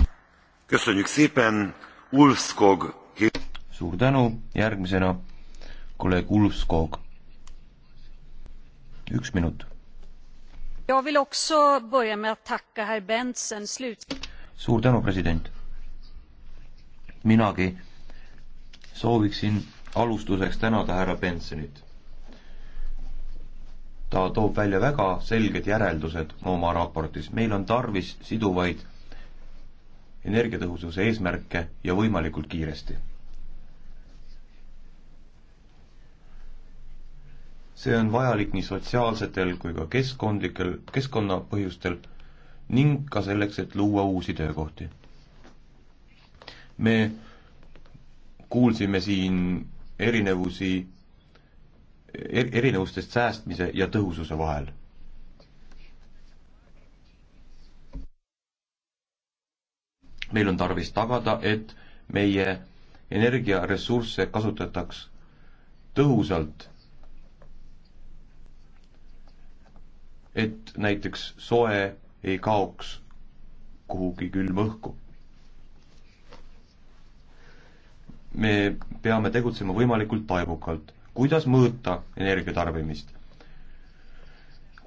suur tänu, järgmisena kolleeg Ulfskog. üks minut Jag vill också börja med att tacka herr Bentsen slut... suur tänu, president. minagi sooviksin alustuseks tänada härra Bensonit. ta toob välja väga selged järeldused oma raportis, meil on tarvis siduvaid energiatõhususe eesmärke ja võimalikult kiiresti see on vajalik nii sotsiaalsetel kui ka keskkondlikel, keskkonnapõhjustel ning ka selleks, et luua uusi töökohti. me kuulsime siin erinevusi er,, erinevustest säästmise ja tõhususe vahel. meil on tarvis tagada, et meie energiaressursse kasutataks tõhusalt et näiteks soe ei kaoks kuhugi külma õhku. me peame tegutsema võimalikult taibukalt. kuidas mõõta energia tarbimist?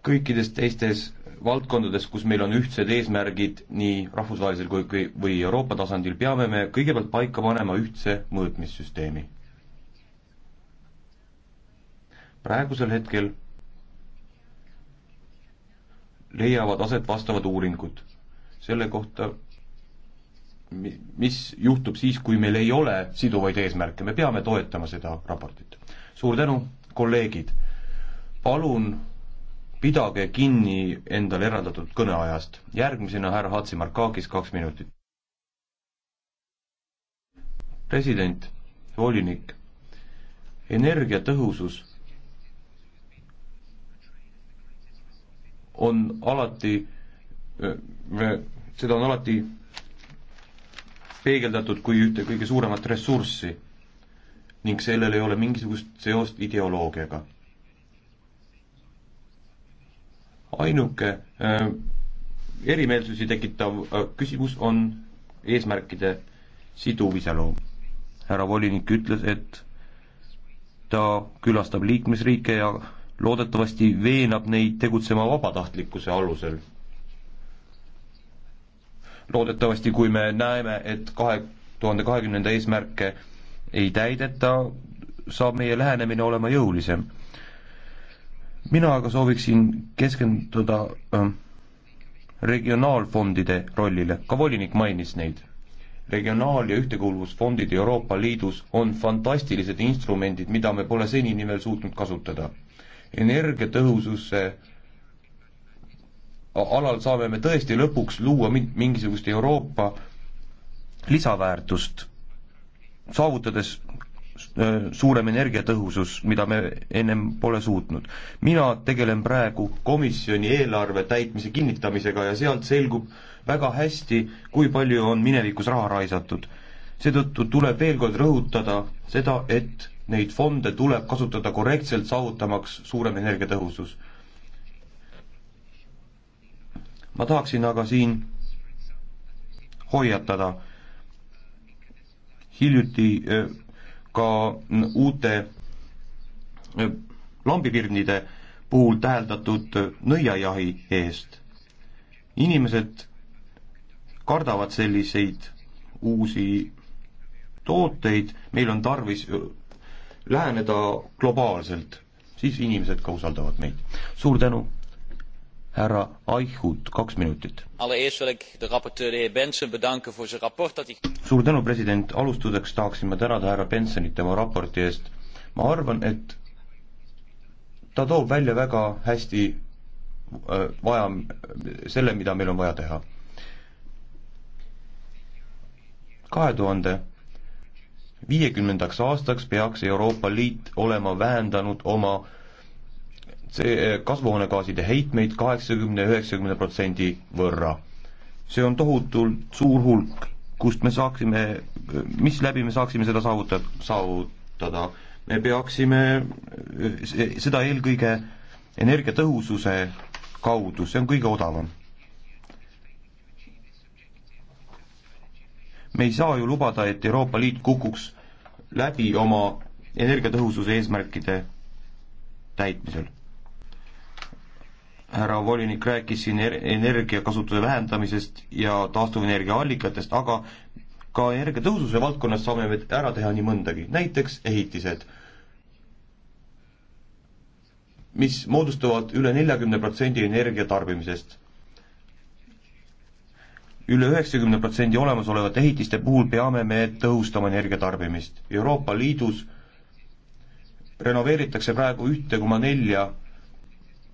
kõikides teistes valdkondades, kus meil on ühtsed eesmärgid nii rahvusvahelisel kui, kui, või Euroopa tasandil, peame me kõigepealt paika panema ühtse mõõtmissüsteemi. praegusel hetkel leiavad aset vastavad uuringud selle kohta, mis juhtub siis, kui meil ei ole siduvaid eesmärke, me peame toetama seda raportit. suur tänu, kolleegid, palun pidage kinni endale eraldatud kõneajast. järgmisena härra Hatsimarkakis, kaks minutit. president, volinik, energiatõhusus on alati, seda on alati peegeldatud kui ühte kõige suuremat ressurssi ning sellel ei ole mingisugust seost ideoloogiaga. ainuke äh, erimeelsusi tekitav äh, küsimus on eesmärkide siduv iseloom. härra volinik ütles, et ta külastab liikmesriike ja loodetavasti veenab neid tegutsema vabatahtlikkuse alusel. loodetavasti, kui me näeme, et kahe tuhande kahekümnenda eesmärke ei täideta, saab meie lähenemine olema jõulisem. mina aga sooviksin keskenduda äh, regionaalfondide rollile, ka volinik mainis neid. regionaal- ja ühtekuuluvusfondid Euroopa Liidus on fantastilised instrumendid, mida me pole senini veel suutnud kasutada energiatõhususe alal saame me tõesti lõpuks luua mingisugust Euroopa lisaväärtust, saavutades suurem energiatõhusus, mida me ennem pole suutnud. mina tegelen praegu komisjoni eelarve täitmise kinnitamisega ja sealt selgub väga hästi, kui palju on minevikus raha raisatud. seetõttu tuleb veel kord rõhutada seda, et neid fonde tuleb kasutada korrektselt, saavutamaks suurem energiatõhusus. ma tahaksin aga siin hoiatada hiljuti äh, ka uute äh, lambipirnide puhul täheldatud äh, nõiajahi eest. inimesed kardavad selliseid uusi tooteid, meil on tarvis läheneda globaalselt, siis inimesed ka usaldavad meid. suur tänu, härra Aichut, kaks minutit. suur tänu, president, alustuseks tahaksin ma tänada härra Bensonit tema raporti eest. ma arvan, et ta toob välja väga hästi äh, vaja, selle, mida meil on vaja teha. kahe tuhande viiekümnendaks aastaks peaks Euroopa Liit olema vähendanud oma see kasvuhoonegaaside heitmeid kaheksakümne, üheksakümne protsendi võrra. see on tohutult suur hulk, kust me saaksime, mis läbi me saaksime seda saavuta-, saavutada. me peaksime seda eelkõige energiatõhususe kaudu, see on kõige odavam me ei saa ju lubada, et Euroopa Liit kukuks läbi oma energiatõhususe eesmärkide täitmisel. härra volinik rääkis siin er-, energiakasutuse vähendamisest ja taastuvenergia allikatest, aga ka energiatõhususe valdkonnas saame me ära teha nii mõndagi, näiteks ehitised, mis moodustavad üle neljakümne protsendi energia tarbimisest üle üheksakümne protsendi olemasolevate ehitiste puhul peame me tõhustama energiatarbimist. Euroopa Liidus renoveeritakse praegu ühte koma nelja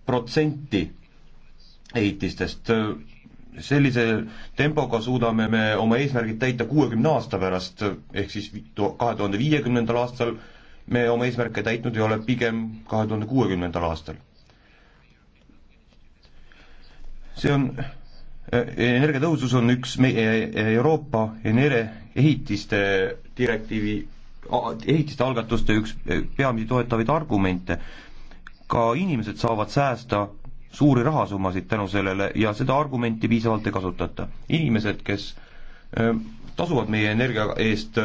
protsenti ehitistest. sellise tempoga suudame me oma eesmärgid täita kuuekümne aasta pärast, ehk siis kahe tuhande viiekümnendal aastal me oma eesmärke täitnud ei ole, pigem kahe tuhande kuuekümnendal aastal. see on Äh, energiatõhusus on üks meie äh, Euroopa energiaehitiste direktiivi, ehitiste algatuste üks äh, peamisi toetavaid argumente. ka inimesed saavad säästa suuri rahasummasid tänu sellele ja seda argumenti piisavalt ei kasutata. inimesed, kes tasuvad meie energia eest,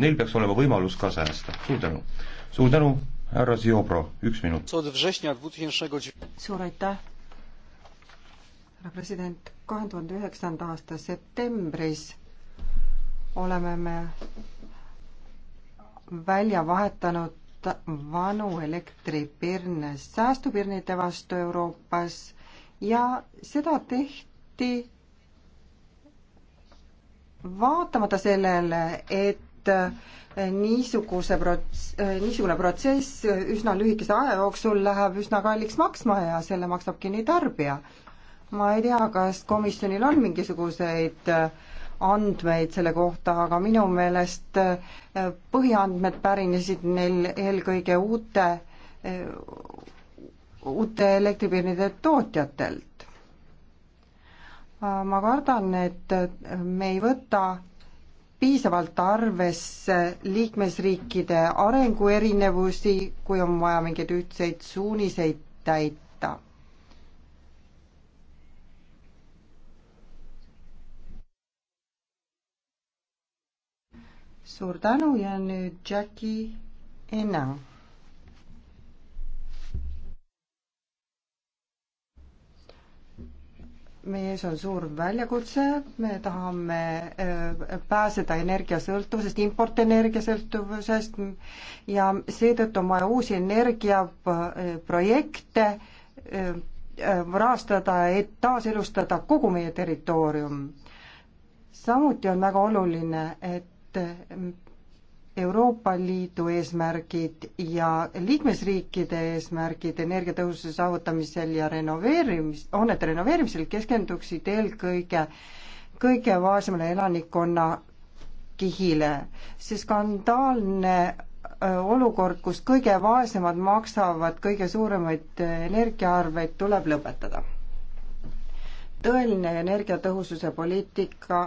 neil peaks olema võimalus ka säästa. suur tänu. suur tänu, härra Ziobro, üks minut. suur aitäh, härra president kahe tuhande üheksanda aasta septembris oleme me välja vahetanud vanu elektripirne säästupirnide vastu Euroopas ja seda tehti vaatamata sellele, et niisuguse prots-, niisugune protsess üsna lühikese aja jooksul läheb üsna kalliks maksma ja selle maksab kinni tarbija ma ei tea, kas komisjonil on mingisuguseid äh, andmeid selle kohta, aga minu meelest äh, põhiandmed pärinesid neil eelkõige uute, äh, uute elektripirnide tootjatelt. ma kardan, et me ei võta piisavalt arvesse liikmesriikide arenguerinevusi, kui on vaja mingeid ühtseid suuniseid täita suur tänu ja nüüd Jackie Enna. meie ees on suur väljakutse, me tahame äh, pääseda energiasõltuvusest, importenergiasõltuvusest ja seetõttu on vaja uusi energiaprojekte äh, äh, rahastada, et taaselustada kogu meie territoorium. samuti on väga oluline, et Mm, Euroopa Liidu eesmärgid ja liikmesriikide eesmärgid energiatõhususe saavutamisel ja renoveerimis, hoonete renoveerimisel keskenduksid eelkõige kõige vaesemale elanikkonna kihile. see skandaalne olukord, kus kõige vaesemad maksavad kõige suuremaid energiaarveid, tuleb lõpetada. tõeline energiatõhususe poliitika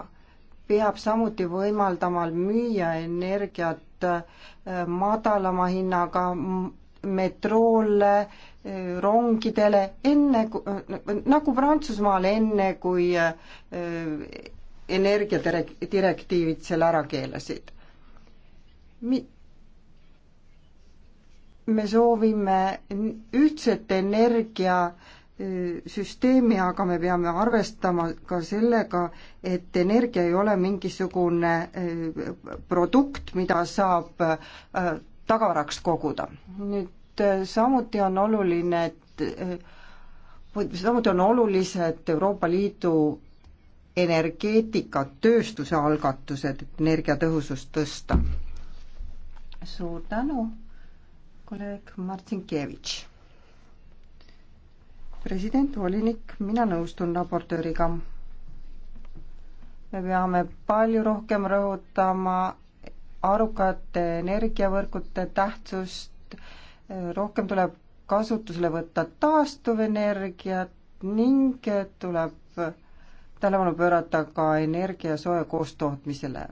peab samuti võimaldama müüa energiat äh, madalama hinnaga metroole, äh, rongidele, enne, nagu Prantsusmaal, enne kui äh, energiadirektiivid selle ära keelasid. Mi-, me soovime ühtset energia äh, Äh, süsteemi, aga me peame arvestama ka sellega, et energia ei ole mingisugune äh, produkt, mida saab äh, tagaraks koguda. nüüd samuti on oluline, et samuti on olulised Euroopa Liidu energeetikatööstuse algatused, et energiatõhusust tõsta. suur tänu, kolleeg Martin Kevitš president, volinik, mina nõustun raportööriga. me peame palju rohkem rõhutama arukate energiavõrkude tähtsust, rohkem tuleb kasutusele võtta taastuvenergiat ning tuleb tähelepanu pöörata ka energia soe koostootmisele.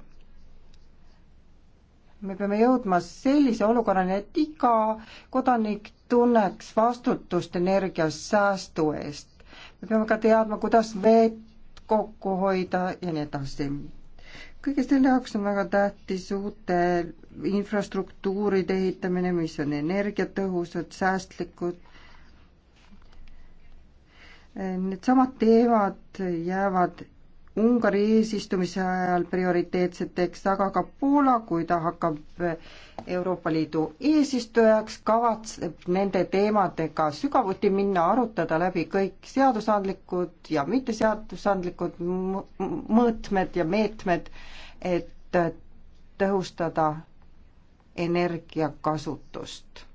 me peame jõudma sellise olukorrani, et iga kodanik tunneks vastutust energiasäästu eest. me peame ka teadma, kuidas vett kokku hoida ja nii edasi. kõige selle jaoks on väga tähtis uute infrastruktuuride ehitamine, mis on energiatõhusad, säästlikud. Needsamad teemad jäävad Ungari eesistumise ajal prioriteetseteks, aga ka Poola, kui ta hakkab Euroopa Liidu eesistujaks, kavatseb nende teemadega sügavuti minna, arutada läbi kõik seadusandlikud ja mitteseadusandlikud mõõtmed ja meetmed, et tõhustada energiakasutust.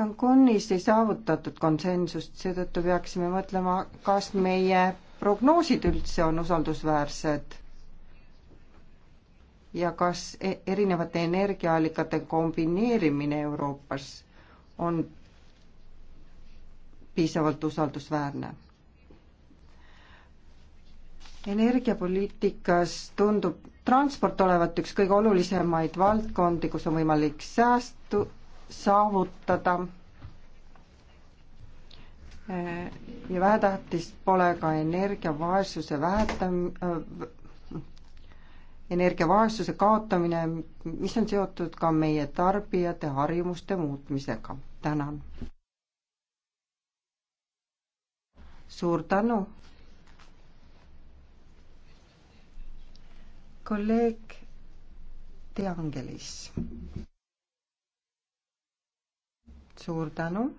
Cancunis ei saavutatud konsensust, seetõttu peaksime mõtlema, kas meie prognoosid üldse on usaldusväärsed ja kas e-, erinevate energiaallikate kombineerimine Euroopas on piisavalt usaldusväärne? energiapoliitikas tundub transport olevat üks kõige olulisemaid valdkondi, kus on võimalik säästu saavutada Äh, ja vähetähtis pole ka energiavaesuse vähetam-, äh, energiavaesuse kaotamine, mis on seotud ka meie tarbijate harjumuste muutmisega. tänan. suur tänu. kolleeg De Angelis. suur tänu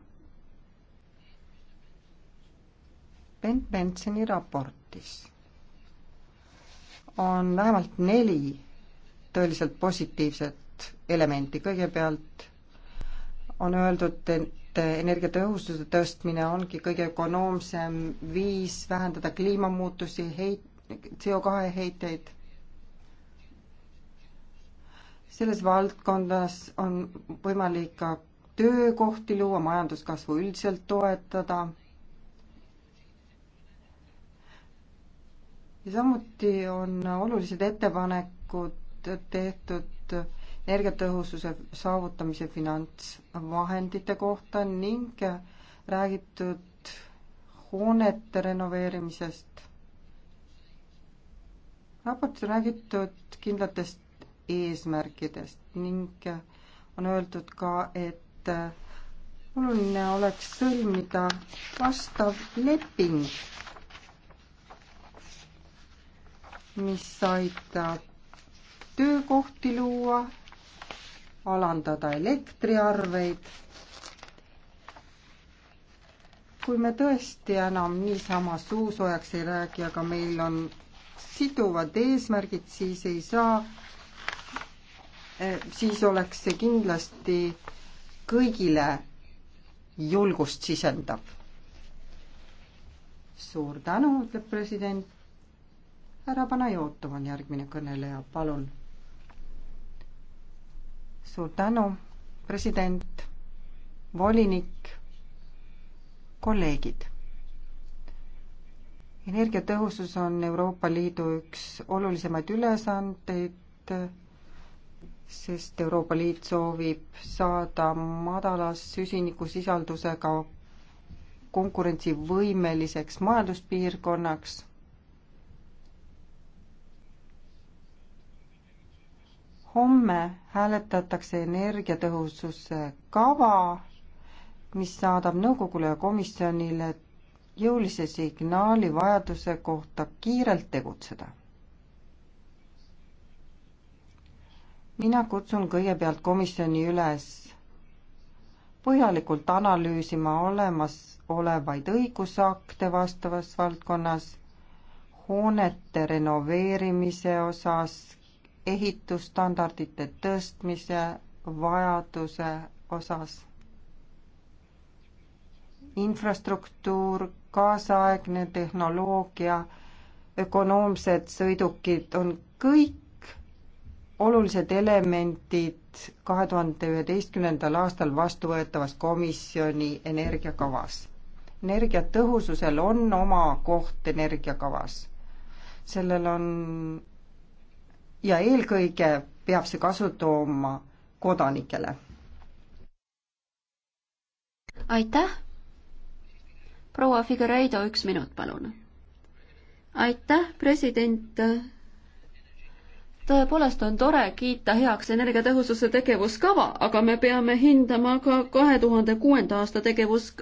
Bent Bensoni raportis on vähemalt neli tõeliselt positiivset elementi, kõigepealt on öeldud, et energiatõhususe tõstmine ongi kõige ökonoomsem viis vähendada kliimamuutusi, heit-, CO2 heiteid. selles valdkondas on võimalik ka töökohti luua, majanduskasvu üldiselt toetada ja samuti on olulised ettepanekud tehtud energiatõhususe saavutamise finantsvahendite kohta ning räägitud hoonete renoveerimisest. raportis on räägitud kindlatest eesmärkidest ning on öeldud ka, et oluline oleks sõlmida vastav leping mis aitab töökohti luua, alandada elektriarveid. kui me tõesti enam niisama suusoojaks ei räägi, aga meil on siduvad eesmärgid, siis ei saa, eh, siis oleks see kindlasti kõigile julgust sisendav. suur tänu, ütleb president härra Panajotov on järgmine kõneleja, palun. suur tänu, president, volinik, kolleegid. energiatõhusus on Euroopa Liidu üks olulisemaid ülesandeid, sest Euroopa Liit soovib saada madala süsinikusisaldusega konkurentsivõimeliseks majanduspiirkonnaks homme hääletatakse energiatõhususe kava, mis saadab nõukogule ja komisjonile jõulise signaali vajaduse kohta kiirelt tegutseda. mina kutsun kõigepealt komisjoni üles põhjalikult analüüsima olemasolevaid õigusakte vastavas valdkonnas, hoonete renoveerimise osas, ehitusstandardite tõstmise vajaduse osas. infrastruktuur, kaasaegne tehnoloogia, ökonoomsed sõidukid on kõik olulised elemendid kahe tuhande üheteistkümnendal aastal vastuvõetavas komisjoni energiakavas. energiatõhususel on oma koht energiakavas. sellel on ja eelkõige peab see kasu tooma kodanikele. aitäh! proua Figueiredo, üks minut, palun. aitäh, president tõepoolest on tore kiita heaks energiatõhususe tegevuskava, aga me peame hindama ka kahe tuhande kuuenda aasta tegevus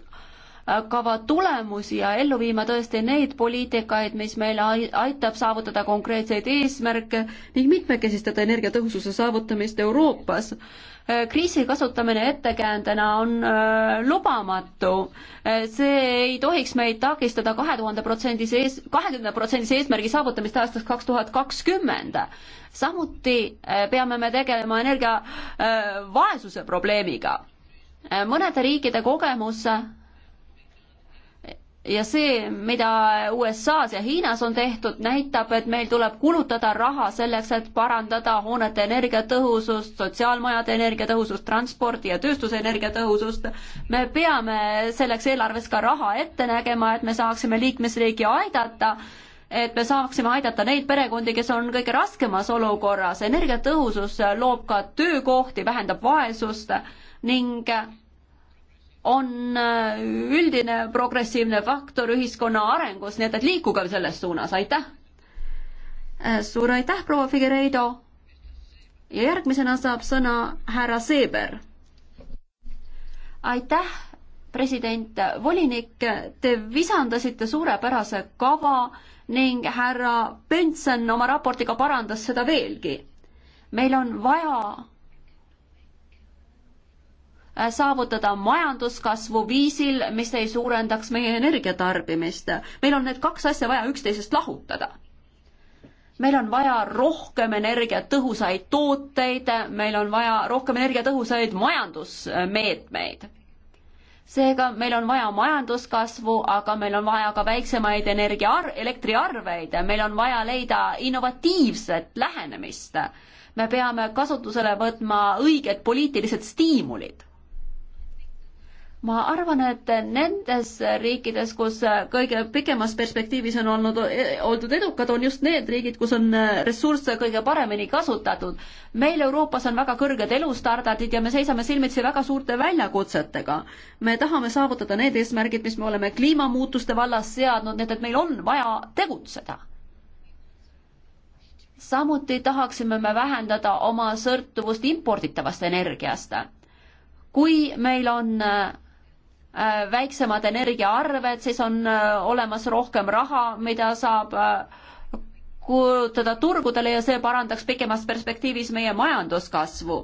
kava tulemusi ja ellu viima tõesti neid poliitikaid, mis meile aitab saavutada konkreetseid eesmärke ning mitmekesistada energiatõhususe saavutamist Euroopas. kriisi kasutamine ettekäändena on äh, lubamatu. Äh, see ei tohiks meid takistada kahe tuhande protsendise ees, kahekümne protsendise eesmärgi saavutamist aastast kaks tuhat kakskümmend samuti äh, peame me tegelema energiavaesuse probleemiga. mõnede riikide kogemus ja see, mida USA-s ja Hiinas on tehtud, näitab, et meil tuleb kulutada raha selleks, et parandada hoonete energiatõhusust, sotsiaalmajade energiatõhusust, transpordi ja tööstuse energiatõhusust. me peame selleks eelarves ka raha ette nägema, et me saaksime liikmesriigi aidata, et me saaksime aidata neid perekondi, kes on kõige raskemas olukorras. energiatõhusus loob ka töökohti, vähendab vaesust ning on äh, üldine progressiivne faktor ühiskonna arengus, nii et, et liikuge selles suunas, aitäh! Äh, suur aitäh, proua Figueiredo! ja järgmisena saab sõna härra Seeber. aitäh, president, volinik, te visandasite suurepärase kava ning härra Benson oma raportiga parandas seda veelgi. meil on vaja Äh, saavutada majanduskasvu viisil, mis ei suurendaks meie energiatarbimist. meil on need kaks asja vaja üksteisest lahutada. meil on vaja rohkem energiatõhusaid tooteid, meil on vaja rohkem energiatõhusaid majandusmeetmeid. seega meil on vaja majanduskasvu, aga meil on vaja ka väiksemaid energia, elektriarveid, meil on vaja leida innovatiivset lähenemist me peame kasutusele võtma õiged poliitilised stiimulid ma arvan, et nendes riikides, kus kõige pikemas perspektiivis on olnud, e, oldud edukad, on just need riigid, kus on ressursse kõige paremini kasutatud. meil Euroopas on väga kõrged elustardardid ja me seisame silmitsi väga suurte väljakutsetega. me tahame saavutada need eesmärgid, mis me oleme kliimamuutuste vallas seadnud, nii et, et meil on vaja tegutseda samuti tahaksime me vähendada oma sõltuvust imporditavast energiast. kui meil on Äh, väiksemad energiaarved, siis on äh, olemas rohkem raha, mida saab äh, kuulutada turgudele ja see parandaks pikemas perspektiivis meie majanduskasvu.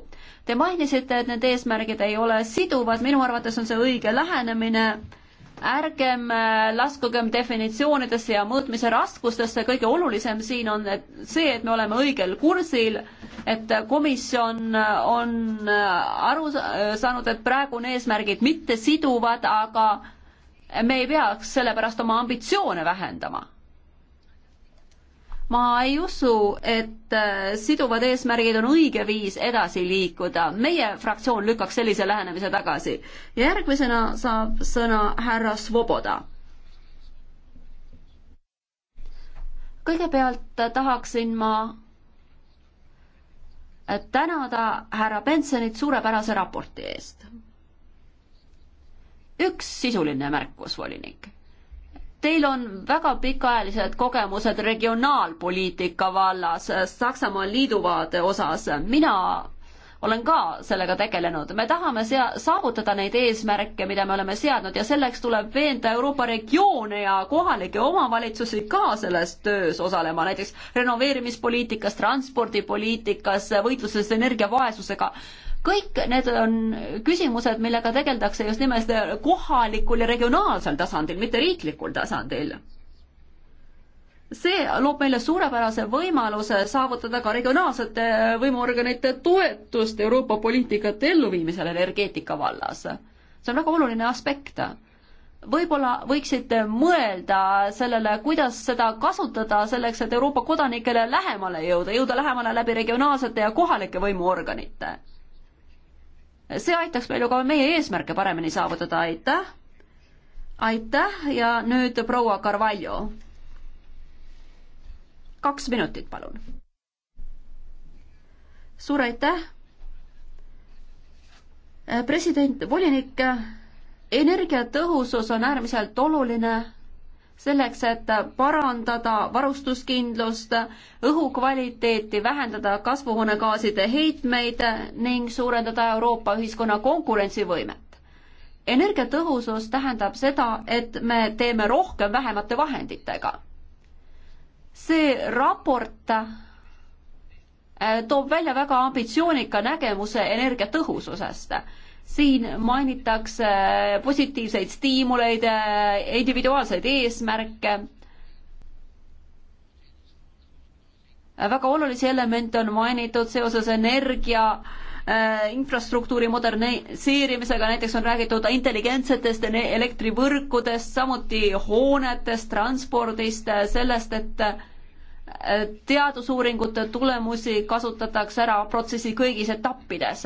Te mainisite, et need eesmärgid ei ole siduvad, minu arvates on see õige lähenemine ärgem äh, laskugem definitsioonidesse ja mõõtmise raskustesse, kõige olulisem siin on et see, et me oleme õigel kursil, et komisjon on äh, aru äh, saanud, et praegu on eesmärgid mittesiduvad, aga me ei peaks sellepärast oma ambitsioone vähendama ma ei usu, et äh, siduvad eesmärgid on õige viis edasi liikuda. meie fraktsioon lükkaks sellise lähenemise tagasi. järgmisena saab sõna härra Svoboda. kõigepealt tahaksin ma tänada härra Bensonit suurepärase raporti eest. üks sisuline märkus, volinik Teil on väga pikaajalised kogemused regionaalpoliitika vallas, Saksamaa liiduvaade osas. mina olen ka sellega tegelenud. me tahame sea-, saavutada neid eesmärke, mida me oleme seadnud ja selleks tuleb veenda Euroopa regioone ja kohalikke omavalitsusi ka selles töös osalema, näiteks renoveerimispoliitikas, transpordipoliitikas, võitluses energiavaesusega kõik need on küsimused, millega tegeldakse just nimelt kohalikul ja regionaalsel tasandil, mitte riiklikul tasandil. see loob meile suurepärase võimaluse saavutada ka regionaalsete võimuorganite toetust Euroopa poliitikate elluviimisel energeetika vallas. see on väga oluline aspekt võib-olla võiksite mõelda sellele, kuidas seda kasutada selleks, et Euroopa kodanikele lähemale jõuda, jõuda lähemale läbi regionaalsete ja kohalike võimuorganite see aitaks meil ju ka meie eesmärke paremini saavutada, aitäh. aitäh ja nüüd proua Carvalho. kaks minutit, palun. suur aitäh. president, volinik, energiatõhusus on äärmiselt oluline selleks, et parandada varustuskindlust, õhukvaliteeti, vähendada kasvuhoonegaaside heitmeid ning suurendada Euroopa ühiskonna konkurentsivõimet. energiatõhusus tähendab seda, et me teeme rohkem vähemate vahenditega. see raport eh, toob välja väga ambitsioonika nägemuse energiatõhususest siin mainitakse positiivseid stiimuleid, individuaalseid eesmärke. väga olulisi elemente on mainitud seoses energia äh, infrastruktuuri moderniseerimisega, näiteks on räägitud intelligentsetest elektrivõrkudest, samuti hoonetest, transpordist, äh, sellest, et äh, teadusuuringute tulemusi kasutatakse ära protsessi kõigis etappides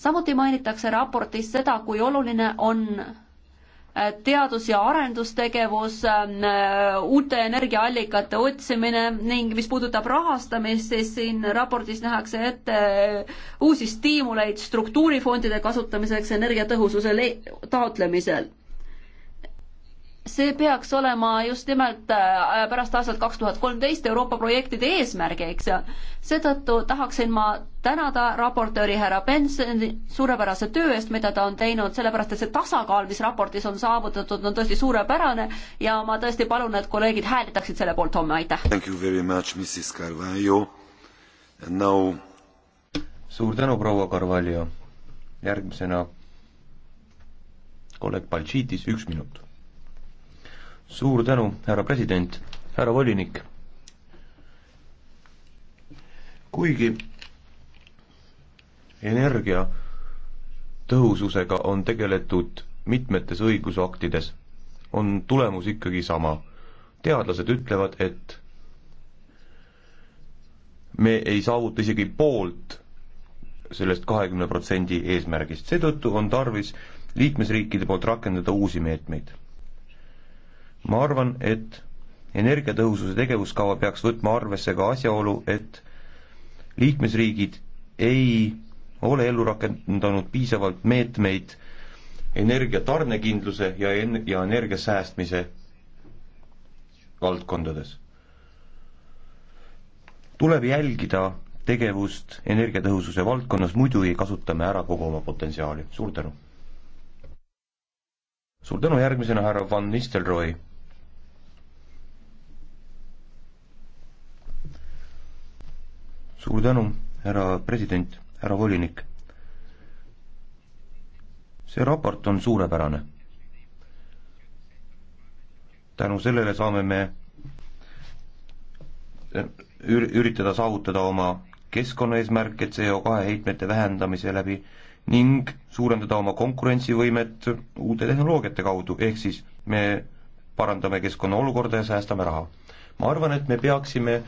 samuti mainitakse raportis seda, kui oluline on äh, teadus- ja arendustegevus, äh, uute energiaallikate otsimine ning mis puudutab rahastamist, siis siin raportis nähakse ette äh, uusi stiimuleid struktuurifondide kasutamiseks energiatõhususe taotlemisel see peaks olema just nimelt äh, pärast aastat kaks tuhat kolmteist Euroopa projektide eesmärgiks ja seetõttu tahaksin ma tänada raportööri härra Bensoni suurepärase töö eest, mida ta on teinud, sellepärast et see tasakaal, mis raportis on saavutatud, on tõesti suurepärane ja ma tõesti palun, et kolleegid hääletaksid selle poolt homme, aitäh! Now... suur tänu, proua Carvalho! järgmisena kolleeg Baltšiitis, üks minut suur tänu, härra president, härra volinik. kuigi energia tõhususega on tegeletud mitmetes õigusaktides, on tulemus ikkagi sama. teadlased ütlevad, et me ei saavuta isegi poolt sellest kahekümne protsendi eesmärgist, seetõttu on tarvis liikmesriikide poolt rakendada uusi meetmeid ma arvan, et energiatõhususe tegevuskava peaks võtma arvesse ka asjaolu, et liikmesriigid ei ole ellu rakendanud piisavalt meetmeid energia tarnekindluse ja en-, ja energia säästmise valdkondades. tuleb jälgida tegevust energiatõhususe valdkonnas, muidu ei kasuta me ära kogu oma potentsiaali, suur tänu! suur tänu, järgmisena härra Van Nistelrooy! suur tänu, härra president, härra volinik. see raport on suurepärane. tänu sellele saame me eh, üritada saavutada oma keskkonnaeesmärke CO2 heitmete vähendamise läbi ning suurendada oma konkurentsivõimet uute tehnoloogiate kaudu, ehk siis me parandame keskkonna olukorda ja säästame raha. ma arvan, et me peaksime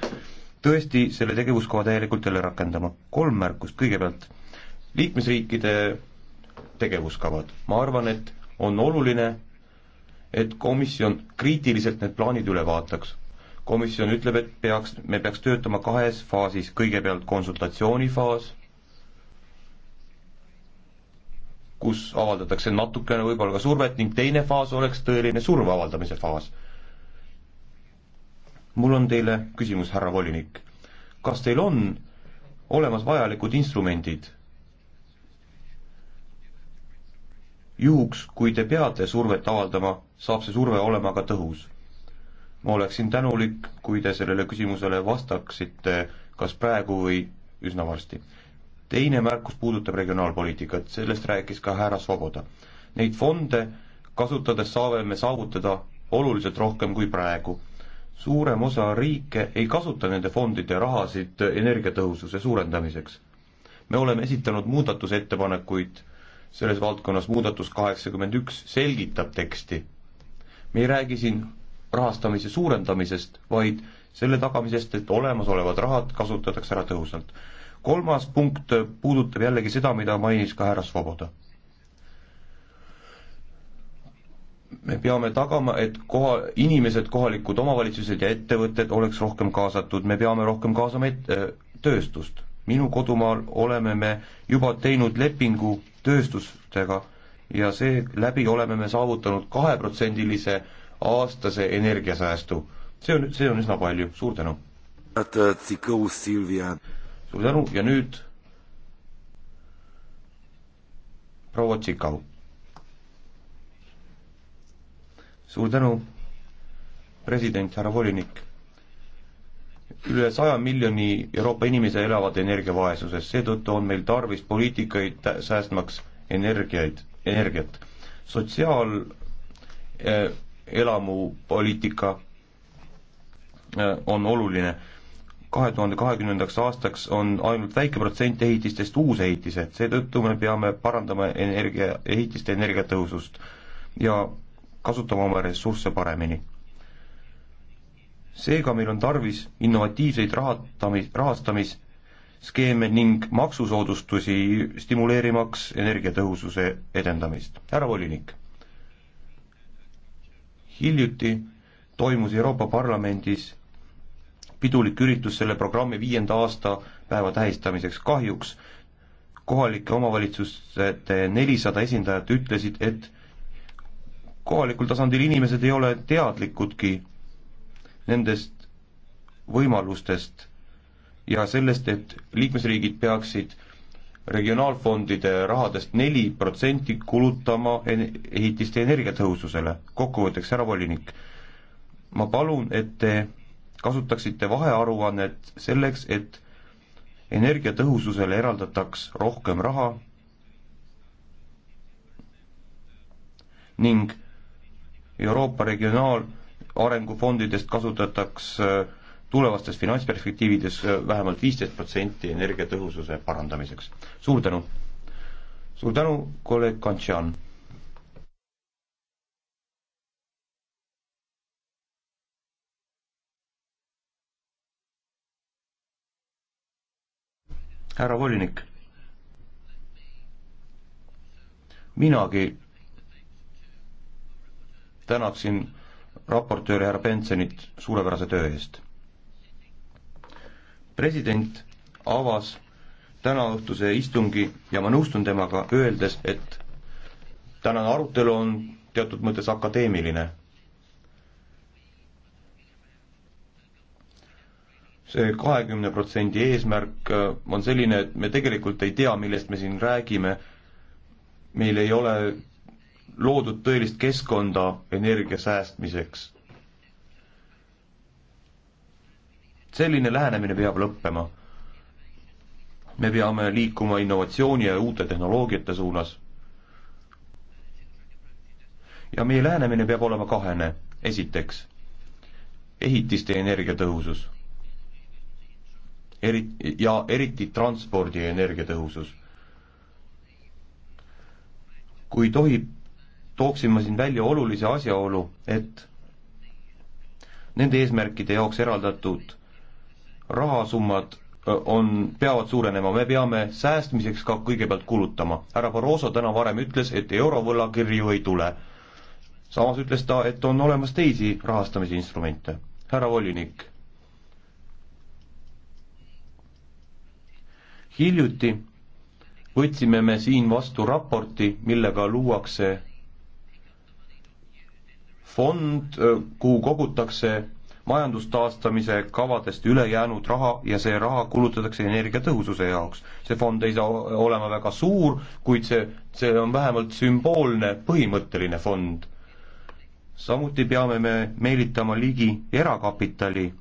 tõesti selle tegevuskava täielikult jälle rakendama. kolm märkust, kõigepealt liikmesriikide tegevuskavad, ma arvan, et on oluline, et komisjon kriitiliselt need plaanid üle vaataks. komisjon ütleb, et peaks, me peaks töötama kahes faasis, kõigepealt konsultatsioonifaas, kus avaldatakse natukene võib-olla ka survet ning teine faas oleks tõeline surve avaldamise faas mul on teile küsimus, härra volinik. kas teil on olemas vajalikud instrumendid juhuks, kui te peate survet avaldama, saab see surve olema ka tõhus? ma oleksin tänulik, kui te sellele küsimusele vastaksite kas praegu või üsna varsti. teine märkus puudutab regionaalpoliitikat, sellest rääkis ka härra Svoboda. Neid fonde kasutades saame me saavutada oluliselt rohkem kui praegu suurem osa riike ei kasuta nende fondide rahasid energiatõhususe suurendamiseks. me oleme esitanud muudatusettepanekuid selles valdkonnas, muudatus kaheksakümmend üks selgitab teksti. me ei räägi siin rahastamise suurendamisest, vaid selle tagamisest, et olemasolevad rahad kasutatakse ära tõhusalt. kolmas punkt puudutab jällegi seda, mida mainis ka härra Svoboda me peame tagama, et koha, inimesed, kohalikud omavalitsused ja ettevõtted oleks rohkem kaasatud, me peame rohkem kaasama et-, äh, tööstust. minu kodumaal oleme me juba teinud lepingu tööstustega ja seeläbi oleme me saavutanud kaheprotsendilise aastase energiasäästu. see on, see on üsna palju, suur tänu! suur tänu ja nüüd proua Tsikau suur tänu, president, härra volinik. üle saja miljoni Euroopa inimese elavad energiavaesuses, seetõttu on meil tarvis poliitikaid säästmaks energiaid, energiat. sotsiaalelamupoliitika eh, eh, on oluline kahe tuhande kahekümnendaks aastaks on ainult väike protsent ehitistest uusehitised, seetõttu me peame parandama energia, ehitiste energiatõhusust. ja kasutama oma ressursse paremini. seega meil on tarvis innovatiivseid rahatamis, rahastamisskeeme ning maksusoodustusi, stimuleerimaks energiatõhususe edendamist. härra volinik, hiljuti toimus Euroopa Parlamendis pidulik üritus selle programmi viienda aastapäeva tähistamiseks, kahjuks kohalike omavalitsuste nelisada esindajat ütlesid, et kohalikul tasandil inimesed ei ole teadlikudki nendest võimalustest ja sellest, et liikmesriigid peaksid regionaalfondide rahadest neli protsenti kulutama en-, ehitiste energiatõhususele. kokkuvõtteks, härra volinik, ma palun, et te kasutaksite vahearuannet selleks, et energiatõhususele eraldataks rohkem raha ning Euroopa regionaalarengufondidest kasutatakse äh, tulevastes finantsperspektiivides äh, vähemalt viisteist protsenti energiatõhususe parandamiseks. suur tänu! suur tänu, kolleeg Kantšan! härra volinik, minagi tänaksin raportööri härra Bensonit suurepärase töö eest. president avas tänaõhtuse istungi ja ma nõustun temaga, öeldes, et tänane arutelu on teatud mõttes akadeemiline. see kahekümne protsendi eesmärk äh, on selline, et me tegelikult ei tea, millest me siin räägime, meil ei ole loodud tõelist keskkonda energia säästmiseks. selline lähenemine peab lõppema. me peame liikuma innovatsiooni ja uute tehnoloogiate suunas. ja meie lähenemine peab olema kahene. esiteks, ehitiste energiatõhusus. eri-, ja eriti transpordi energiatõhusus. kui tohib tooksin ma siin välja olulise asjaolu, et nende eesmärkide jaoks eraldatud rahasummad on, peavad suurenema, me peame säästmiseks ka kõigepealt kulutama. härra Barroso täna varem ütles, et eurovõlakirju ei tule. samas ütles ta, et on olemas teisi rahastamisinstrumente. härra volinik. hiljuti võtsime me siin vastu raporti, millega luuakse fond, kuhu kogutakse majandustaastamise kavadest ülejäänud raha ja see raha kulutatakse energiatõhususe jaoks. see fond ei saa olema väga suur, kuid see, see on vähemalt sümboolne põhimõtteline fond. samuti peame me meelitama ligi erakapitali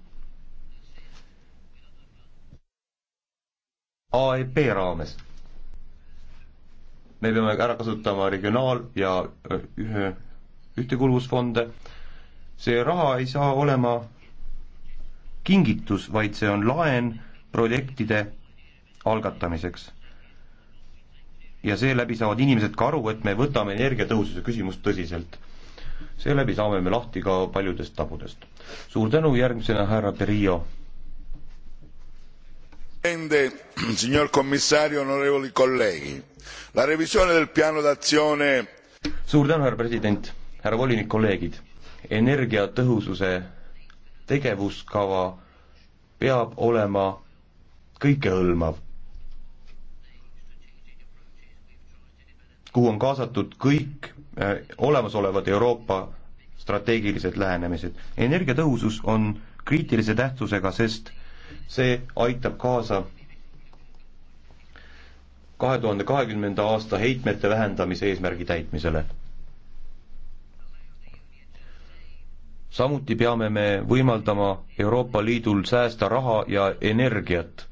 AEP raames. me peame ära kasutama regionaal- ja ühtekuuluvusfonde, see raha ei saa olema kingitus, vaid see on laen projektide algatamiseks. ja seeläbi saavad inimesed ka aru, et me võtame energiatõhususe küsimust tõsiselt. seeläbi saame me lahti ka paljudest tabudest. suur tänu, järgmisena härra Perillo. Signor commissario, onorevoli colleghi, la revisione del piano d'azione suur tänu, härra president härra volinik, kolleegid, energiatõhususe tegevuskava peab olema kõikehõlmav, kuhu on kaasatud kõik äh, olemasolevad Euroopa strateegilised lähenemised. energiatõhusus on kriitilise tähtsusega, sest see aitab kaasa kahe tuhande kahekümnenda aasta heitmete vähendamise eesmärgi täitmisele samuti peame me võimaldama Euroopa Liidul säästa raha ja energiat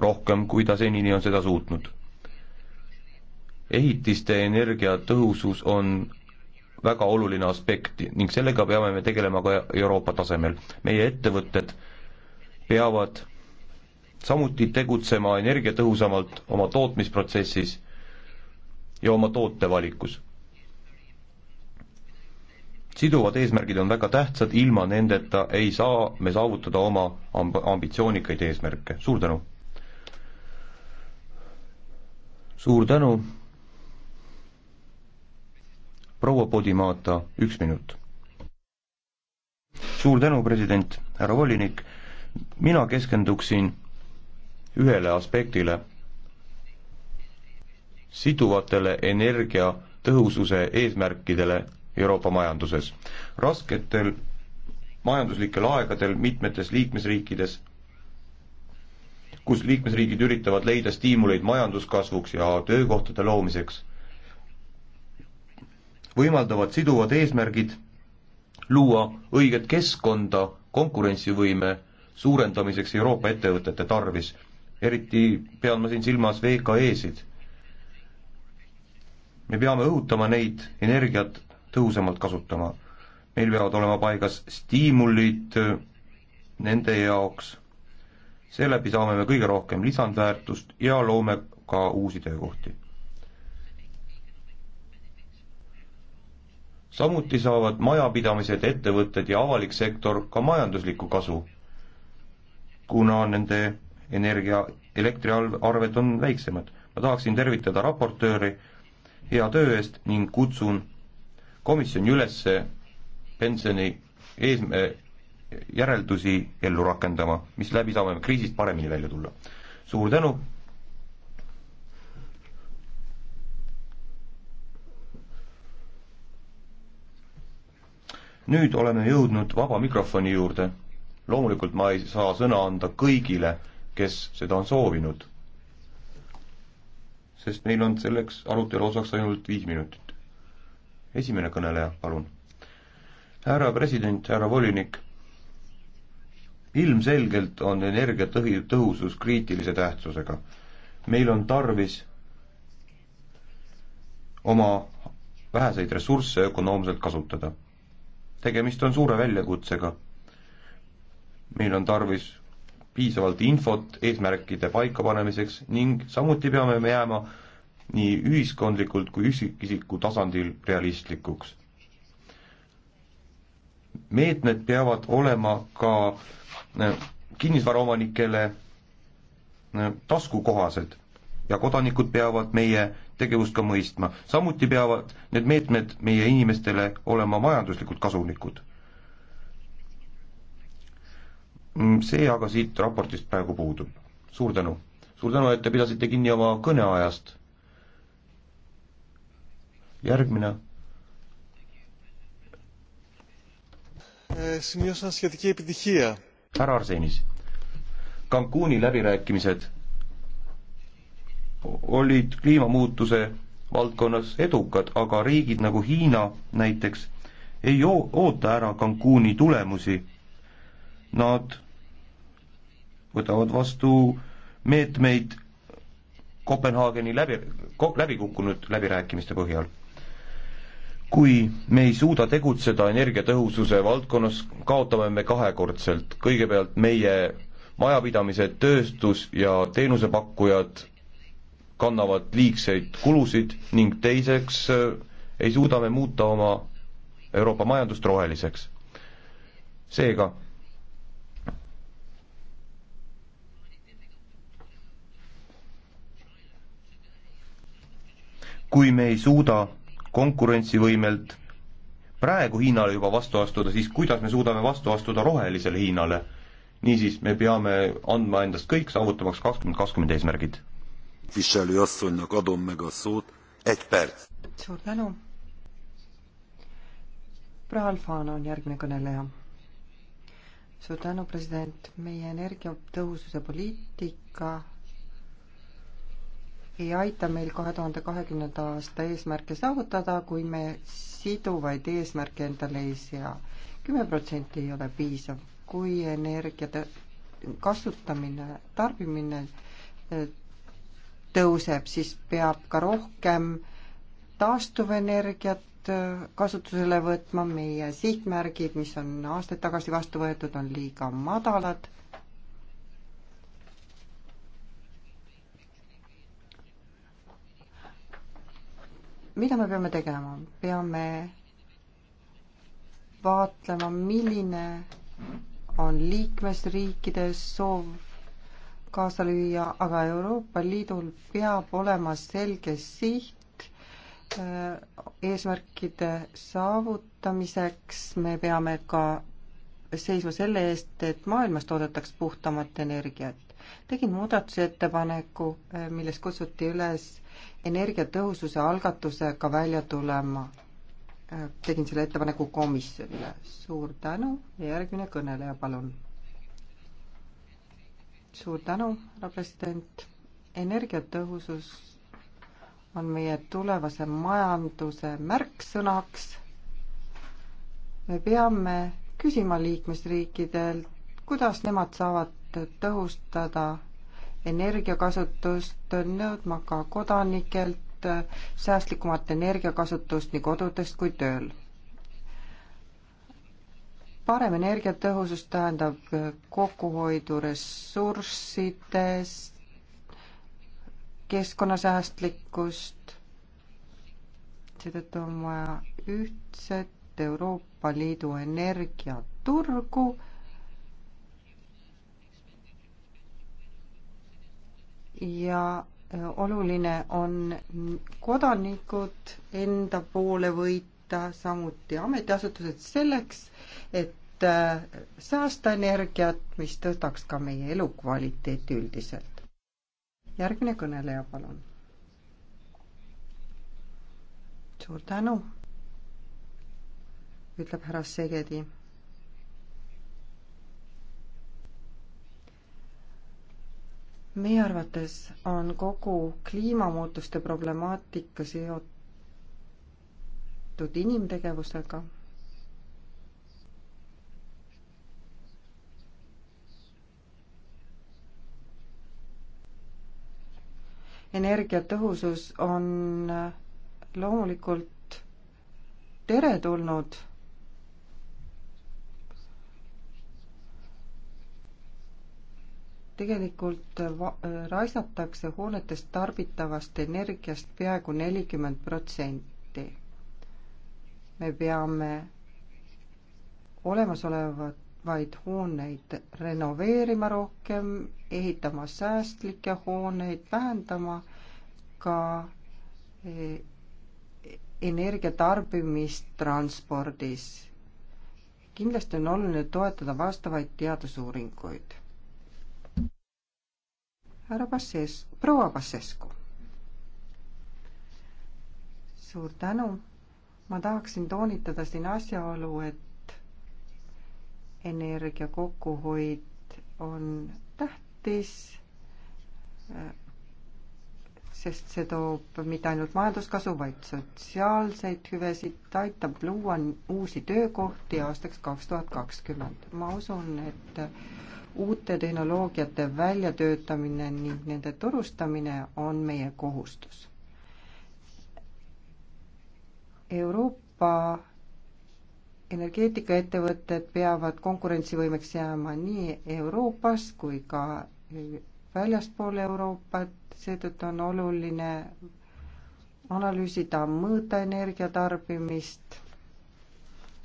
rohkem, kui ta senini on seda suutnud. ehitiste energiatõhusus on väga oluline aspekt ning sellega peame me tegelema ka Euroopa tasemel. meie ettevõtted peavad samuti tegutsema energiatõhusamalt oma tootmisprotsessis ja oma tootevalikus siduvad eesmärgid on väga tähtsad, ilma nendeta ei saa me saavutada oma amb-, ambitsioonikaid eesmärke, suur tänu! suur tänu, proua Podimata, üks minut. suur tänu, president, härra volinik, mina keskenduksin ühele aspektile, siduvatele energiatõhususe eesmärkidele Euroopa majanduses. rasketel majanduslikel aegadel mitmetes liikmesriikides, kus liikmesriigid üritavad leida stiimuleid majanduskasvuks ja töökohtade loomiseks, võimaldavad siduvad eesmärgid luua õiget keskkonda konkurentsivõime suurendamiseks Euroopa ettevõtete tarvis. eriti pean ma siin silmas VKE-sid. me peame õhutama neid energiat tõhusamalt kasutama. meil peavad olema paigas stiimulid äh, nende jaoks, seeläbi saame me kõige rohkem lisandväärtust ja loome ka uusi töökohti. samuti saavad majapidamised, ettevõtted ja avalik sektor ka majanduslikku kasu, kuna nende energia, elektriarved on väiksemad. ma tahaksin tervitada raportööri hea töö eest ning kutsun komisjoni üles pensioni eesmä-, äh, järeldusi ellu rakendama, mis läbi saame kriisist paremini välja tulla. suur tänu! nüüd oleme jõudnud vaba mikrofoni juurde. loomulikult ma ei saa sõna anda kõigile, kes seda on soovinud, sest meil on selleks arutelu osaks ainult viis minutit esimene kõneleja, palun. härra president, härra volinik, ilmselgelt on energiatõhi-, tõhusus kriitilise tähtsusega. meil on tarvis oma väheseid ressursse ökonoomselt kasutada. tegemist on suure väljakutsega. meil on tarvis piisavalt infot eesmärkide paikapanemiseks ning samuti peame me jääma nii ühiskondlikult kui üksikisiku tasandil realistlikuks. meetmed peavad olema ka äh, kinnisvaraomanikele äh, taskukohased ja kodanikud peavad meie tegevust ka mõistma. samuti peavad need meetmed meie inimestele olema majanduslikult kasulikud. Mm, see aga siit raportist praegu puudub. suur tänu. suur tänu, et te pidasite kinni oma kõneajast järgmine. härra Arsenis, Cancuni läbirääkimised olid kliimamuutuse valdkonnas edukad, aga riigid nagu Hiina näiteks ei oota ära Cancuni tulemusi. Nad võtavad vastu meetmeid Kopenhaageni läbi, läbikukkunud läbirääkimiste põhjal kui me ei suuda tegutseda energiatõhususe valdkonnas, kaotame me kahekordselt. kõigepealt meie majapidamised, tööstus ja teenusepakkujad kannavad liigseid kulusid ning teiseks äh, ei suuda me muuta oma Euroopa majandust roheliseks. seega kui me ei suuda konkurentsivõimelt, praegu Hiinale juba vastu astuda, siis kuidas me suudame vastu astuda rohelisele Hiinale? niisiis, me peame andma endast kõik, saavutamaks kakskümmend kakskümmend eesmärgid. suur tänu. proua Alfano on järgmine kõneleja. suur tänu, president, meie energiatõhususe poliitika ei aita meil kahe tuhande kahekümnenda aasta eesmärke saavutada, kui me siduvaid eesmärke endale ei sea. kümme protsenti ei ole piisav, kui energiate kasutamine, tarbimine eh, tõuseb, siis peab ka rohkem taastuvenergiat eh, kasutusele võtma, meie sihtmärgid, mis on aastaid tagasi vastu võetud, on liiga madalad mida me peame tegema? peame vaatlema, milline on liikmesriikide soov kaasa lüüa, aga Euroopa Liidul peab olema selge siht äh, eesmärkide saavutamiseks, me peame ka seisma selle eest, et maailmas toodetaks puhtamat energiat. tegin muudatusettepaneku, äh, milles kutsuti üles energiatõhususe algatusega välja tulema. tegin selle ettepaneku komisjonile. suur tänu ja järgmine kõneleja, palun. suur tänu, härra president. energiatõhusus on meie tulevase majanduse märksõnaks. me peame küsima liikmesriikidelt, kuidas nemad saavad tõhustada energiakasutust, nõudma ka kodanikelt säästlikumat energiakasutust nii kodudest kui tööl. parem energiatõhusus tähendab kokkuhoidu ressurssides, keskkonnasäästlikkust, seetõttu on vaja ühtset Euroopa Liidu energiaturgu ja äh, oluline on kodanikud enda poole võita, samuti ametiasutused selleks, et äh, säästa energiat, mis tõstaks ka meie elukvaliteeti üldiselt. järgmine kõneleja, palun. suur tänu, ütleb härra Segedi meie arvates on kogu kliimamuutuste problemaatika seotud inimtegevusega energiatõhusus on loomulikult teretulnud tegelikult raisatakse hoonetest tarbitavast energiast peaaegu nelikümmend protsenti. me peame olemasolevaid hooneid renoveerima rohkem, ehitama säästlikke hooneid, vähendama ka eh, energia tarbimist transpordis. kindlasti on oluline toetada vastavaid teadusuuringuid härra Basses, proua Bassescu. suur tänu. ma tahaksin toonitada siin asjaolu, et energia kokkuhoid on tähtis, sest see toob mitte ainult majanduskasu, vaid sotsiaalseid hüvesid, ta aitab luua uusi töökohti aastaks kaks tuhat kakskümmend. ma usun, et uute tehnoloogiate väljatöötamine ning nende turustamine on meie kohustus. Euroopa energeetikaettevõtted peavad konkurentsivõimeks jääma nii Euroopas kui ka väljaspool Euroopat, seetõttu on oluline analüüsida, mõõta energiatarbimist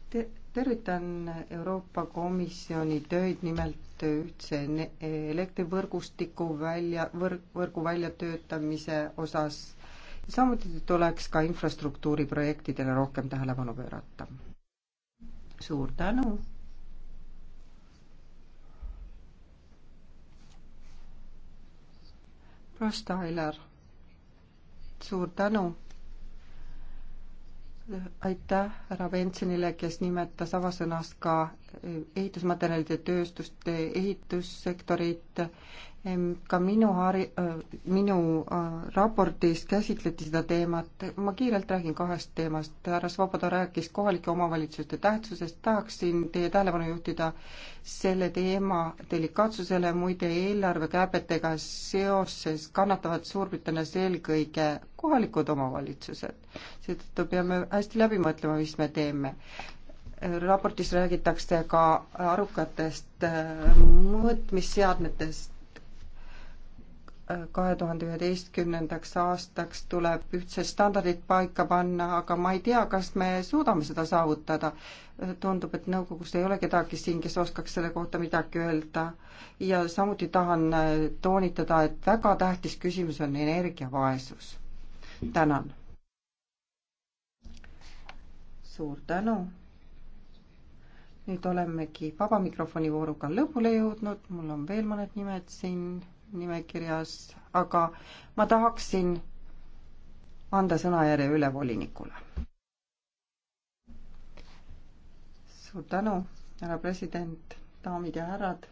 Te. tervitan Euroopa Komisjoni töid nimelt ühtse elektrivõrgustiku välja, võrg, võrgu väljatöötamise osas. samuti tuleks ka infrastruktuuriprojektidele rohkem tähelepanu pöörata. suur tänu. Prostailer, suur tänu aitäh härra Bensonile, kes nimetas avasõnas ka ehitusmaterjalide tööstust, ehitussektorit, ka minu hari-, minu äh, raportis käsitleti seda teemat, ma kiirelt räägin kahest teemast, härra Svoboda rääkis kohalike omavalitsuste tähtsusest, tahaksin teie tähelepanu juhtida selle teema delikaatsusele, muide eelarvekärbetega seoses kannatavad Suurbritannias eelkõige kohalikud omavalitsused. seetõttu peame hästi läbi mõtlema, mis me teeme raportis räägitakse ka arukatest äh, mõõtmisseadmetest. kahe tuhande üheteistkümnendaks aastaks tuleb ühtsed standardid paika panna, aga ma ei tea, kas me suudame seda saavutada. tundub, et nõukogus ei ole kedagi siin, kes oskaks selle kohta midagi öelda. ja samuti tahan äh, toonitada, et väga tähtis küsimus on energiavaesus. tänan. suur tänu nüüd olemegi vaba mikrofoni vooruga lõpule jõudnud, mul on veel mõned nimed siin nimekirjas, aga ma tahaksin anda sõnajärje üle volinikule. suur tänu, härra president, daamid ja härrad.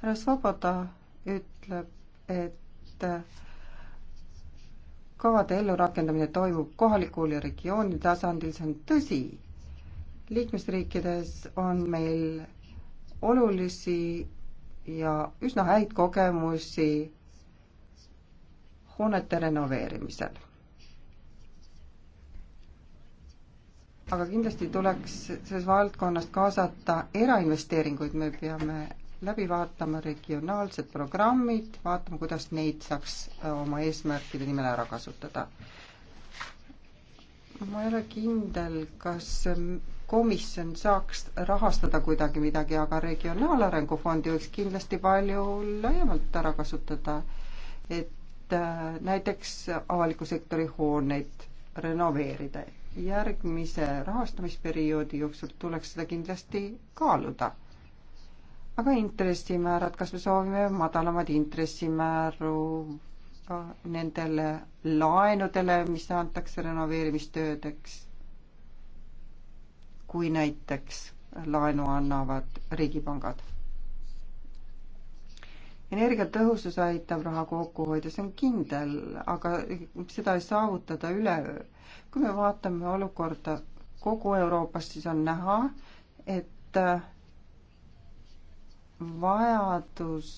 härra Soboda ütleb, et kavade ellurakendamine toimub kohalikul ja regiooni tasandil, see on tõsi. liikmesriikides on meil olulisi ja üsna häid kogemusi hoonete renoveerimisel. aga kindlasti tuleks selles valdkonnas kaasata erainvesteeringuid, me peame läbi vaatama regionaalsed programmid, vaatama, kuidas neid saaks äh, oma eesmärkide nimel ära kasutada. ma ei ole kindel, kas ähm, komisjon saaks rahastada kuidagi midagi, aga Regionaalarengu Fondi võiks kindlasti palju laiemalt ära kasutada. et äh, näiteks avaliku sektori hooneid renoveerida. järgmise rahastamisperioodi jooksul tuleks seda kindlasti kaaluda aga intressimäärad, kas me soovime madalamaid intressimääru nendele laenudele, mis antakse renoveerimistöödeks? kui näiteks laenu annavad riigipangad. energiatõhusus aitab raha kokku hoida, see on kindel, aga seda ei saavutada üleöö. kui me vaatame olukorda kogu Euroopas, siis on näha, et äh, vajadus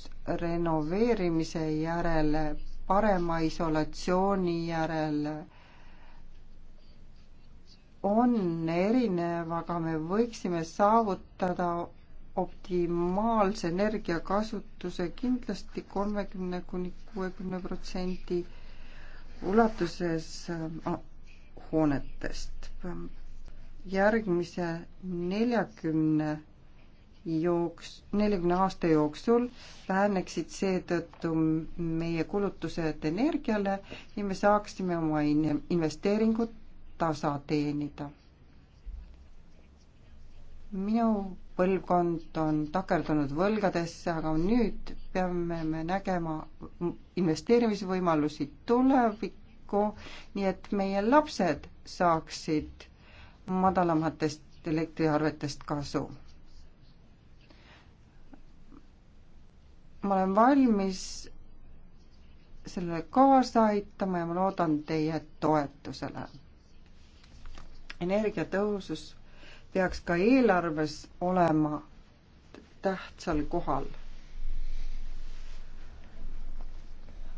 renoveerimise järele, parema isolatsiooni järele on erinev, aga me võiksime saavutada optimaalse energiakasutuse kindlasti kolmekümne kuni kuuekümne protsendi ulatuses äh, hoonetest. järgmise neljakümne jooks-, neljakümne aasta jooksul väheneksid seetõttu meie kulutused energiale ja me saaksime oma in-, investeeringud tasa teenida. minu põlvkond on takerdunud võlgadesse, aga nüüd peame me nägema investeerimisvõimalusi tulevikku, nii et meie lapsed saaksid madalamatest elektriarvetest kasu ma olen valmis sellele kaasa aitama ja ma loodan teie toetusele. energiatõhusus peaks ka eelarves olema tähtsal kohal.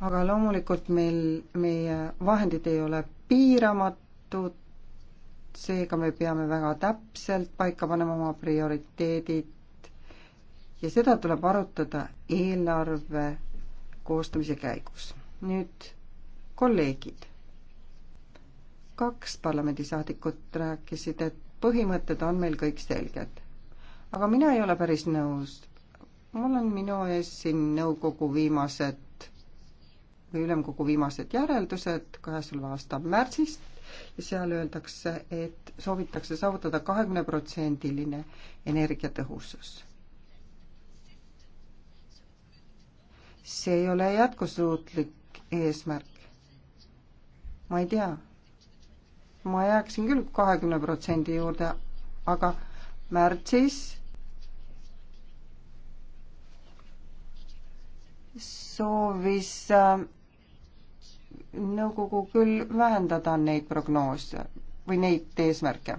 aga loomulikult meil, meie vahendid ei ole piiramatud, seega me peame väga täpselt paika panema oma prioriteedid ja seda tuleb arutada eelarve koostamise käigus. nüüd kolleegid. kaks parlamendisaadikut rääkisid, et põhimõtted on meil kõik selged. aga mina ei ole päris nõus. mul on minu ees siin nõukogu viimased või ülemkogu viimased järeldused käesoleva aasta märtsist ja seal öeldakse, et soovitakse saavutada kahekümne protsendiline energiatõhusus see ei ole jätkusuutlik eesmärk. ma ei tea, ma jääksin küll kahekümne protsendi juurde, aga märtsis soovis äh, nõukogu küll vähendada neid prognoose või neid eesmärke.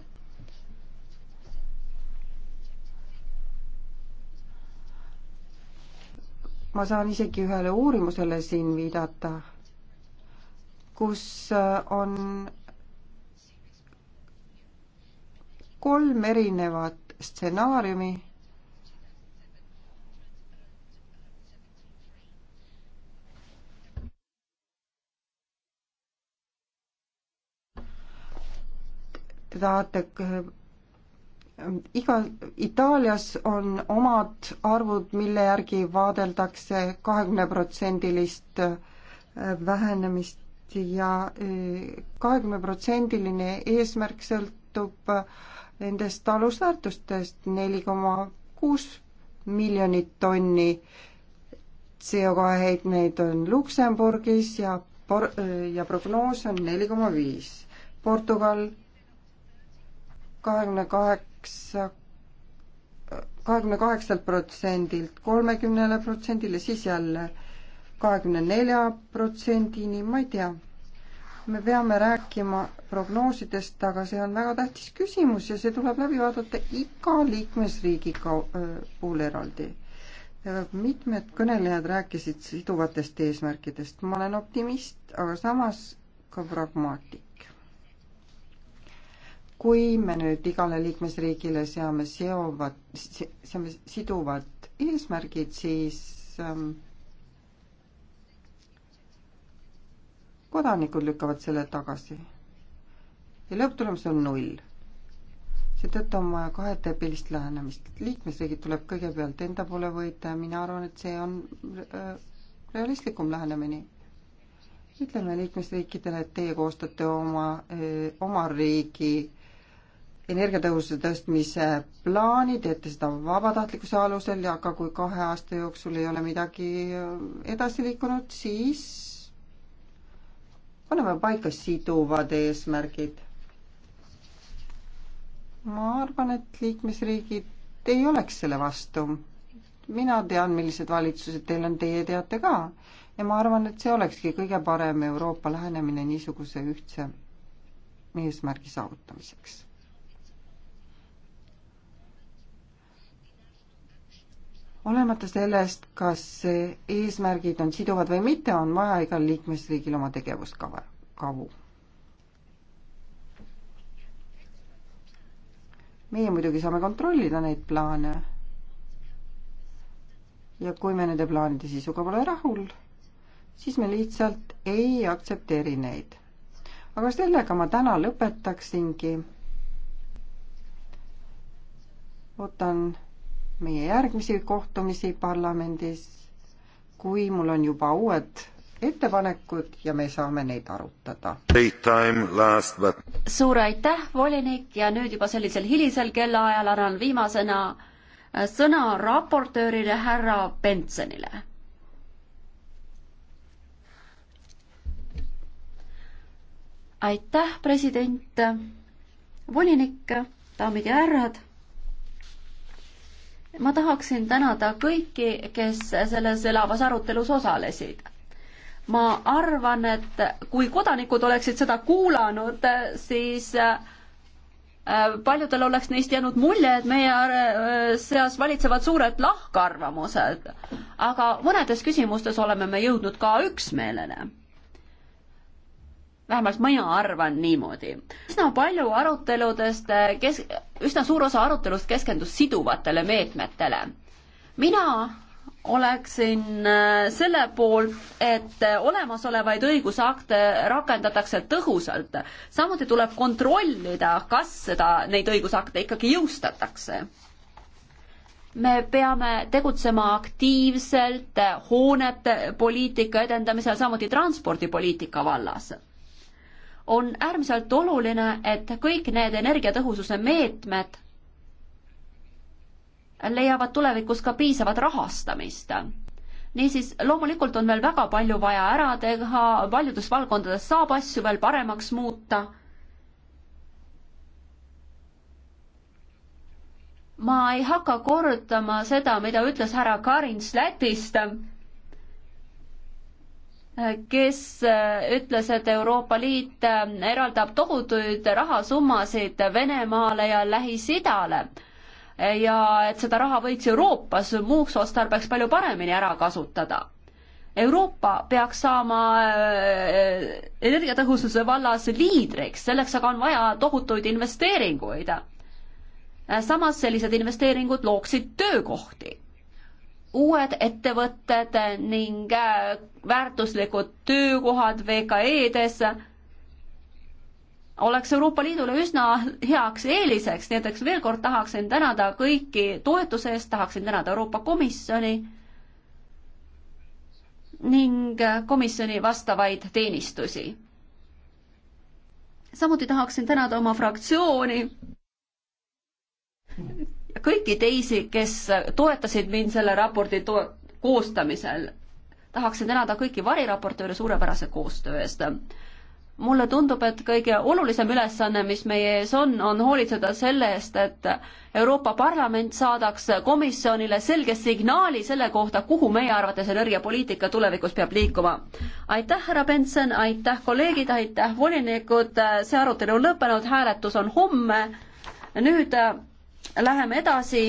ma saan isegi ühele uurimusele siin viidata, kus äh, on kolm erinevat stsenaariumi te tahate iga, Itaalias on omad arvud, mille järgi vaadeldakse kahekümneprotsendilist äh, vähenemist ja äh, kahekümneprotsendiline eesmärk sõltub äh, nendest alusväärtustest neli koma kuus miljonit tonni CO2 heitmeid on Luksemburgis ja por-, ja prognoos on neli koma viis. Portugal kahekümne kahe kaheksa, kahekümne kaheksalt protsendilt kolmekümnele protsendile, siis jälle kahekümne nelja protsendini, ma ei tea. me peame rääkima prognoosidest, aga see on väga tähtis küsimus ja see tuleb läbi vaadata iga liikmesriigi puhul eraldi. mitmed kõnelejad rääkisid siduvatest eesmärkidest, ma olen optimist, aga samas ka pragmaatik kui me nüüd igale liikmesriigile seame seovad, seame siduvad eesmärgid, siis ähm, kodanikud lükkavad selle tagasi. ja lõpptulemus on null. seetõttu on vaja kahetepilist lähenemist. liikmesriigid tuleb kõigepealt enda poole võita ja mina arvan, et see on äh, realistlikum lähenemine ütleme liikmesriikidele, et teie koostate oma, äh, oma riigi energiatõhususe tõstmise plaani, teete seda vabatahtlikkuse alusel, aga kui kahe aasta jooksul ei ole midagi äh, edasi liikunud, siis paneme paika siduvad eesmärgid. ma arvan, et liikmesriigid ei oleks selle vastu. mina tean, millised valitsused teil on, teie teate ka. ja ma arvan, et see olekski kõige parem Euroopa lähenemine niisuguse ühtse eesmärgi saavutamiseks olemata sellest, kas eesmärgid on siduvad või mitte, on vaja igal liikmesriigil oma tegevuskava, kavu. meie muidugi saame kontrollida neid plaane. ja kui me nende plaanide sisuga pole rahul, siis me lihtsalt ei aktsepteeri neid. aga sellega ma täna lõpetaksingi. ootan meie järgmisi kohtumisi parlamendis, kui mul on juba uued ettepanekud ja me saame neid arutada. But... suur aitäh, volinik, ja nüüd juba sellisel hilisel kellaajal annan viimasena äh, sõna raportöörile härra Bensonile aitäh, president, volinik, daamid ja härrad ma tahaksin tänada kõiki, kes selles elavas arutelus osalesid. ma arvan, et kui kodanikud oleksid seda kuulanud, siis äh, paljudel oleks neist jäänud mulje, et meie äh, seas valitsevad suured lahkarvamused, aga mõnedes küsimustes oleme me jõudnud ka üksmeelele vähemalt mina arvan niimoodi. üsna palju aruteludest, kes, üsna suur osa arutelust keskendus siduvatele meetmetele. mina oleksin äh, selle poolt, et olemasolevaid õigusakte rakendatakse tõhusalt. samuti tuleb kontrollida, kas seda, neid õigusakte ikkagi jõustatakse. me peame tegutsema aktiivselt hoonete poliitika edendamisel, samuti transpordipoliitika vallas on äärmiselt oluline, et kõik need energiatõhususe meetmed leiavad tulevikus ka piisavat rahastamist. niisiis, loomulikult on veel väga palju vaja ära teha, paljudes valdkondades saab asju veel paremaks muuta. ma ei hakka kordama seda, mida ütles härra Karins Lätist kes äh, ütles, et Euroopa Liit äh, eraldab tohutuid rahasummasid Venemaale ja Lähis-Idale ja et seda raha võiks Euroopas muuks otstarbeks palju paremini ära kasutada Euroopa peaks saama äh, energiatõhususe vallas liidriks, selleks aga on vaja tohutuid investeeringuid. samas sellised investeeringud looksid töökohti uued ettevõtted ning äh, väärtuslikud töökohad VKE-des oleks Euroopa Liidule üsna heaks eeliseks, nii et veel kord tahaksin tänada kõiki toetuse eest, tahaksin tänada Euroopa Komisjoni ning komisjoni vastavaid teenistusi. samuti tahaksin tänada oma fraktsiooni, kõiki teisi, kes toetasid mind selle raporti to-, koostamisel. tahaksin tänada kõiki variraportööre suurepärase koostöö eest. mulle tundub, et kõige olulisem ülesanne, mis meie ees on, on hoolitseda selle eest, et Euroopa Parlament saadaks komisjonile selge signaali selle kohta, kuhu meie arvates energiapoliitika tulevikus peab liikuma. aitäh, härra Benson, aitäh, kolleegid, aitäh, volinikud, see arutelu on lõppenud, hääletus on homme, nüüd Läheme edasi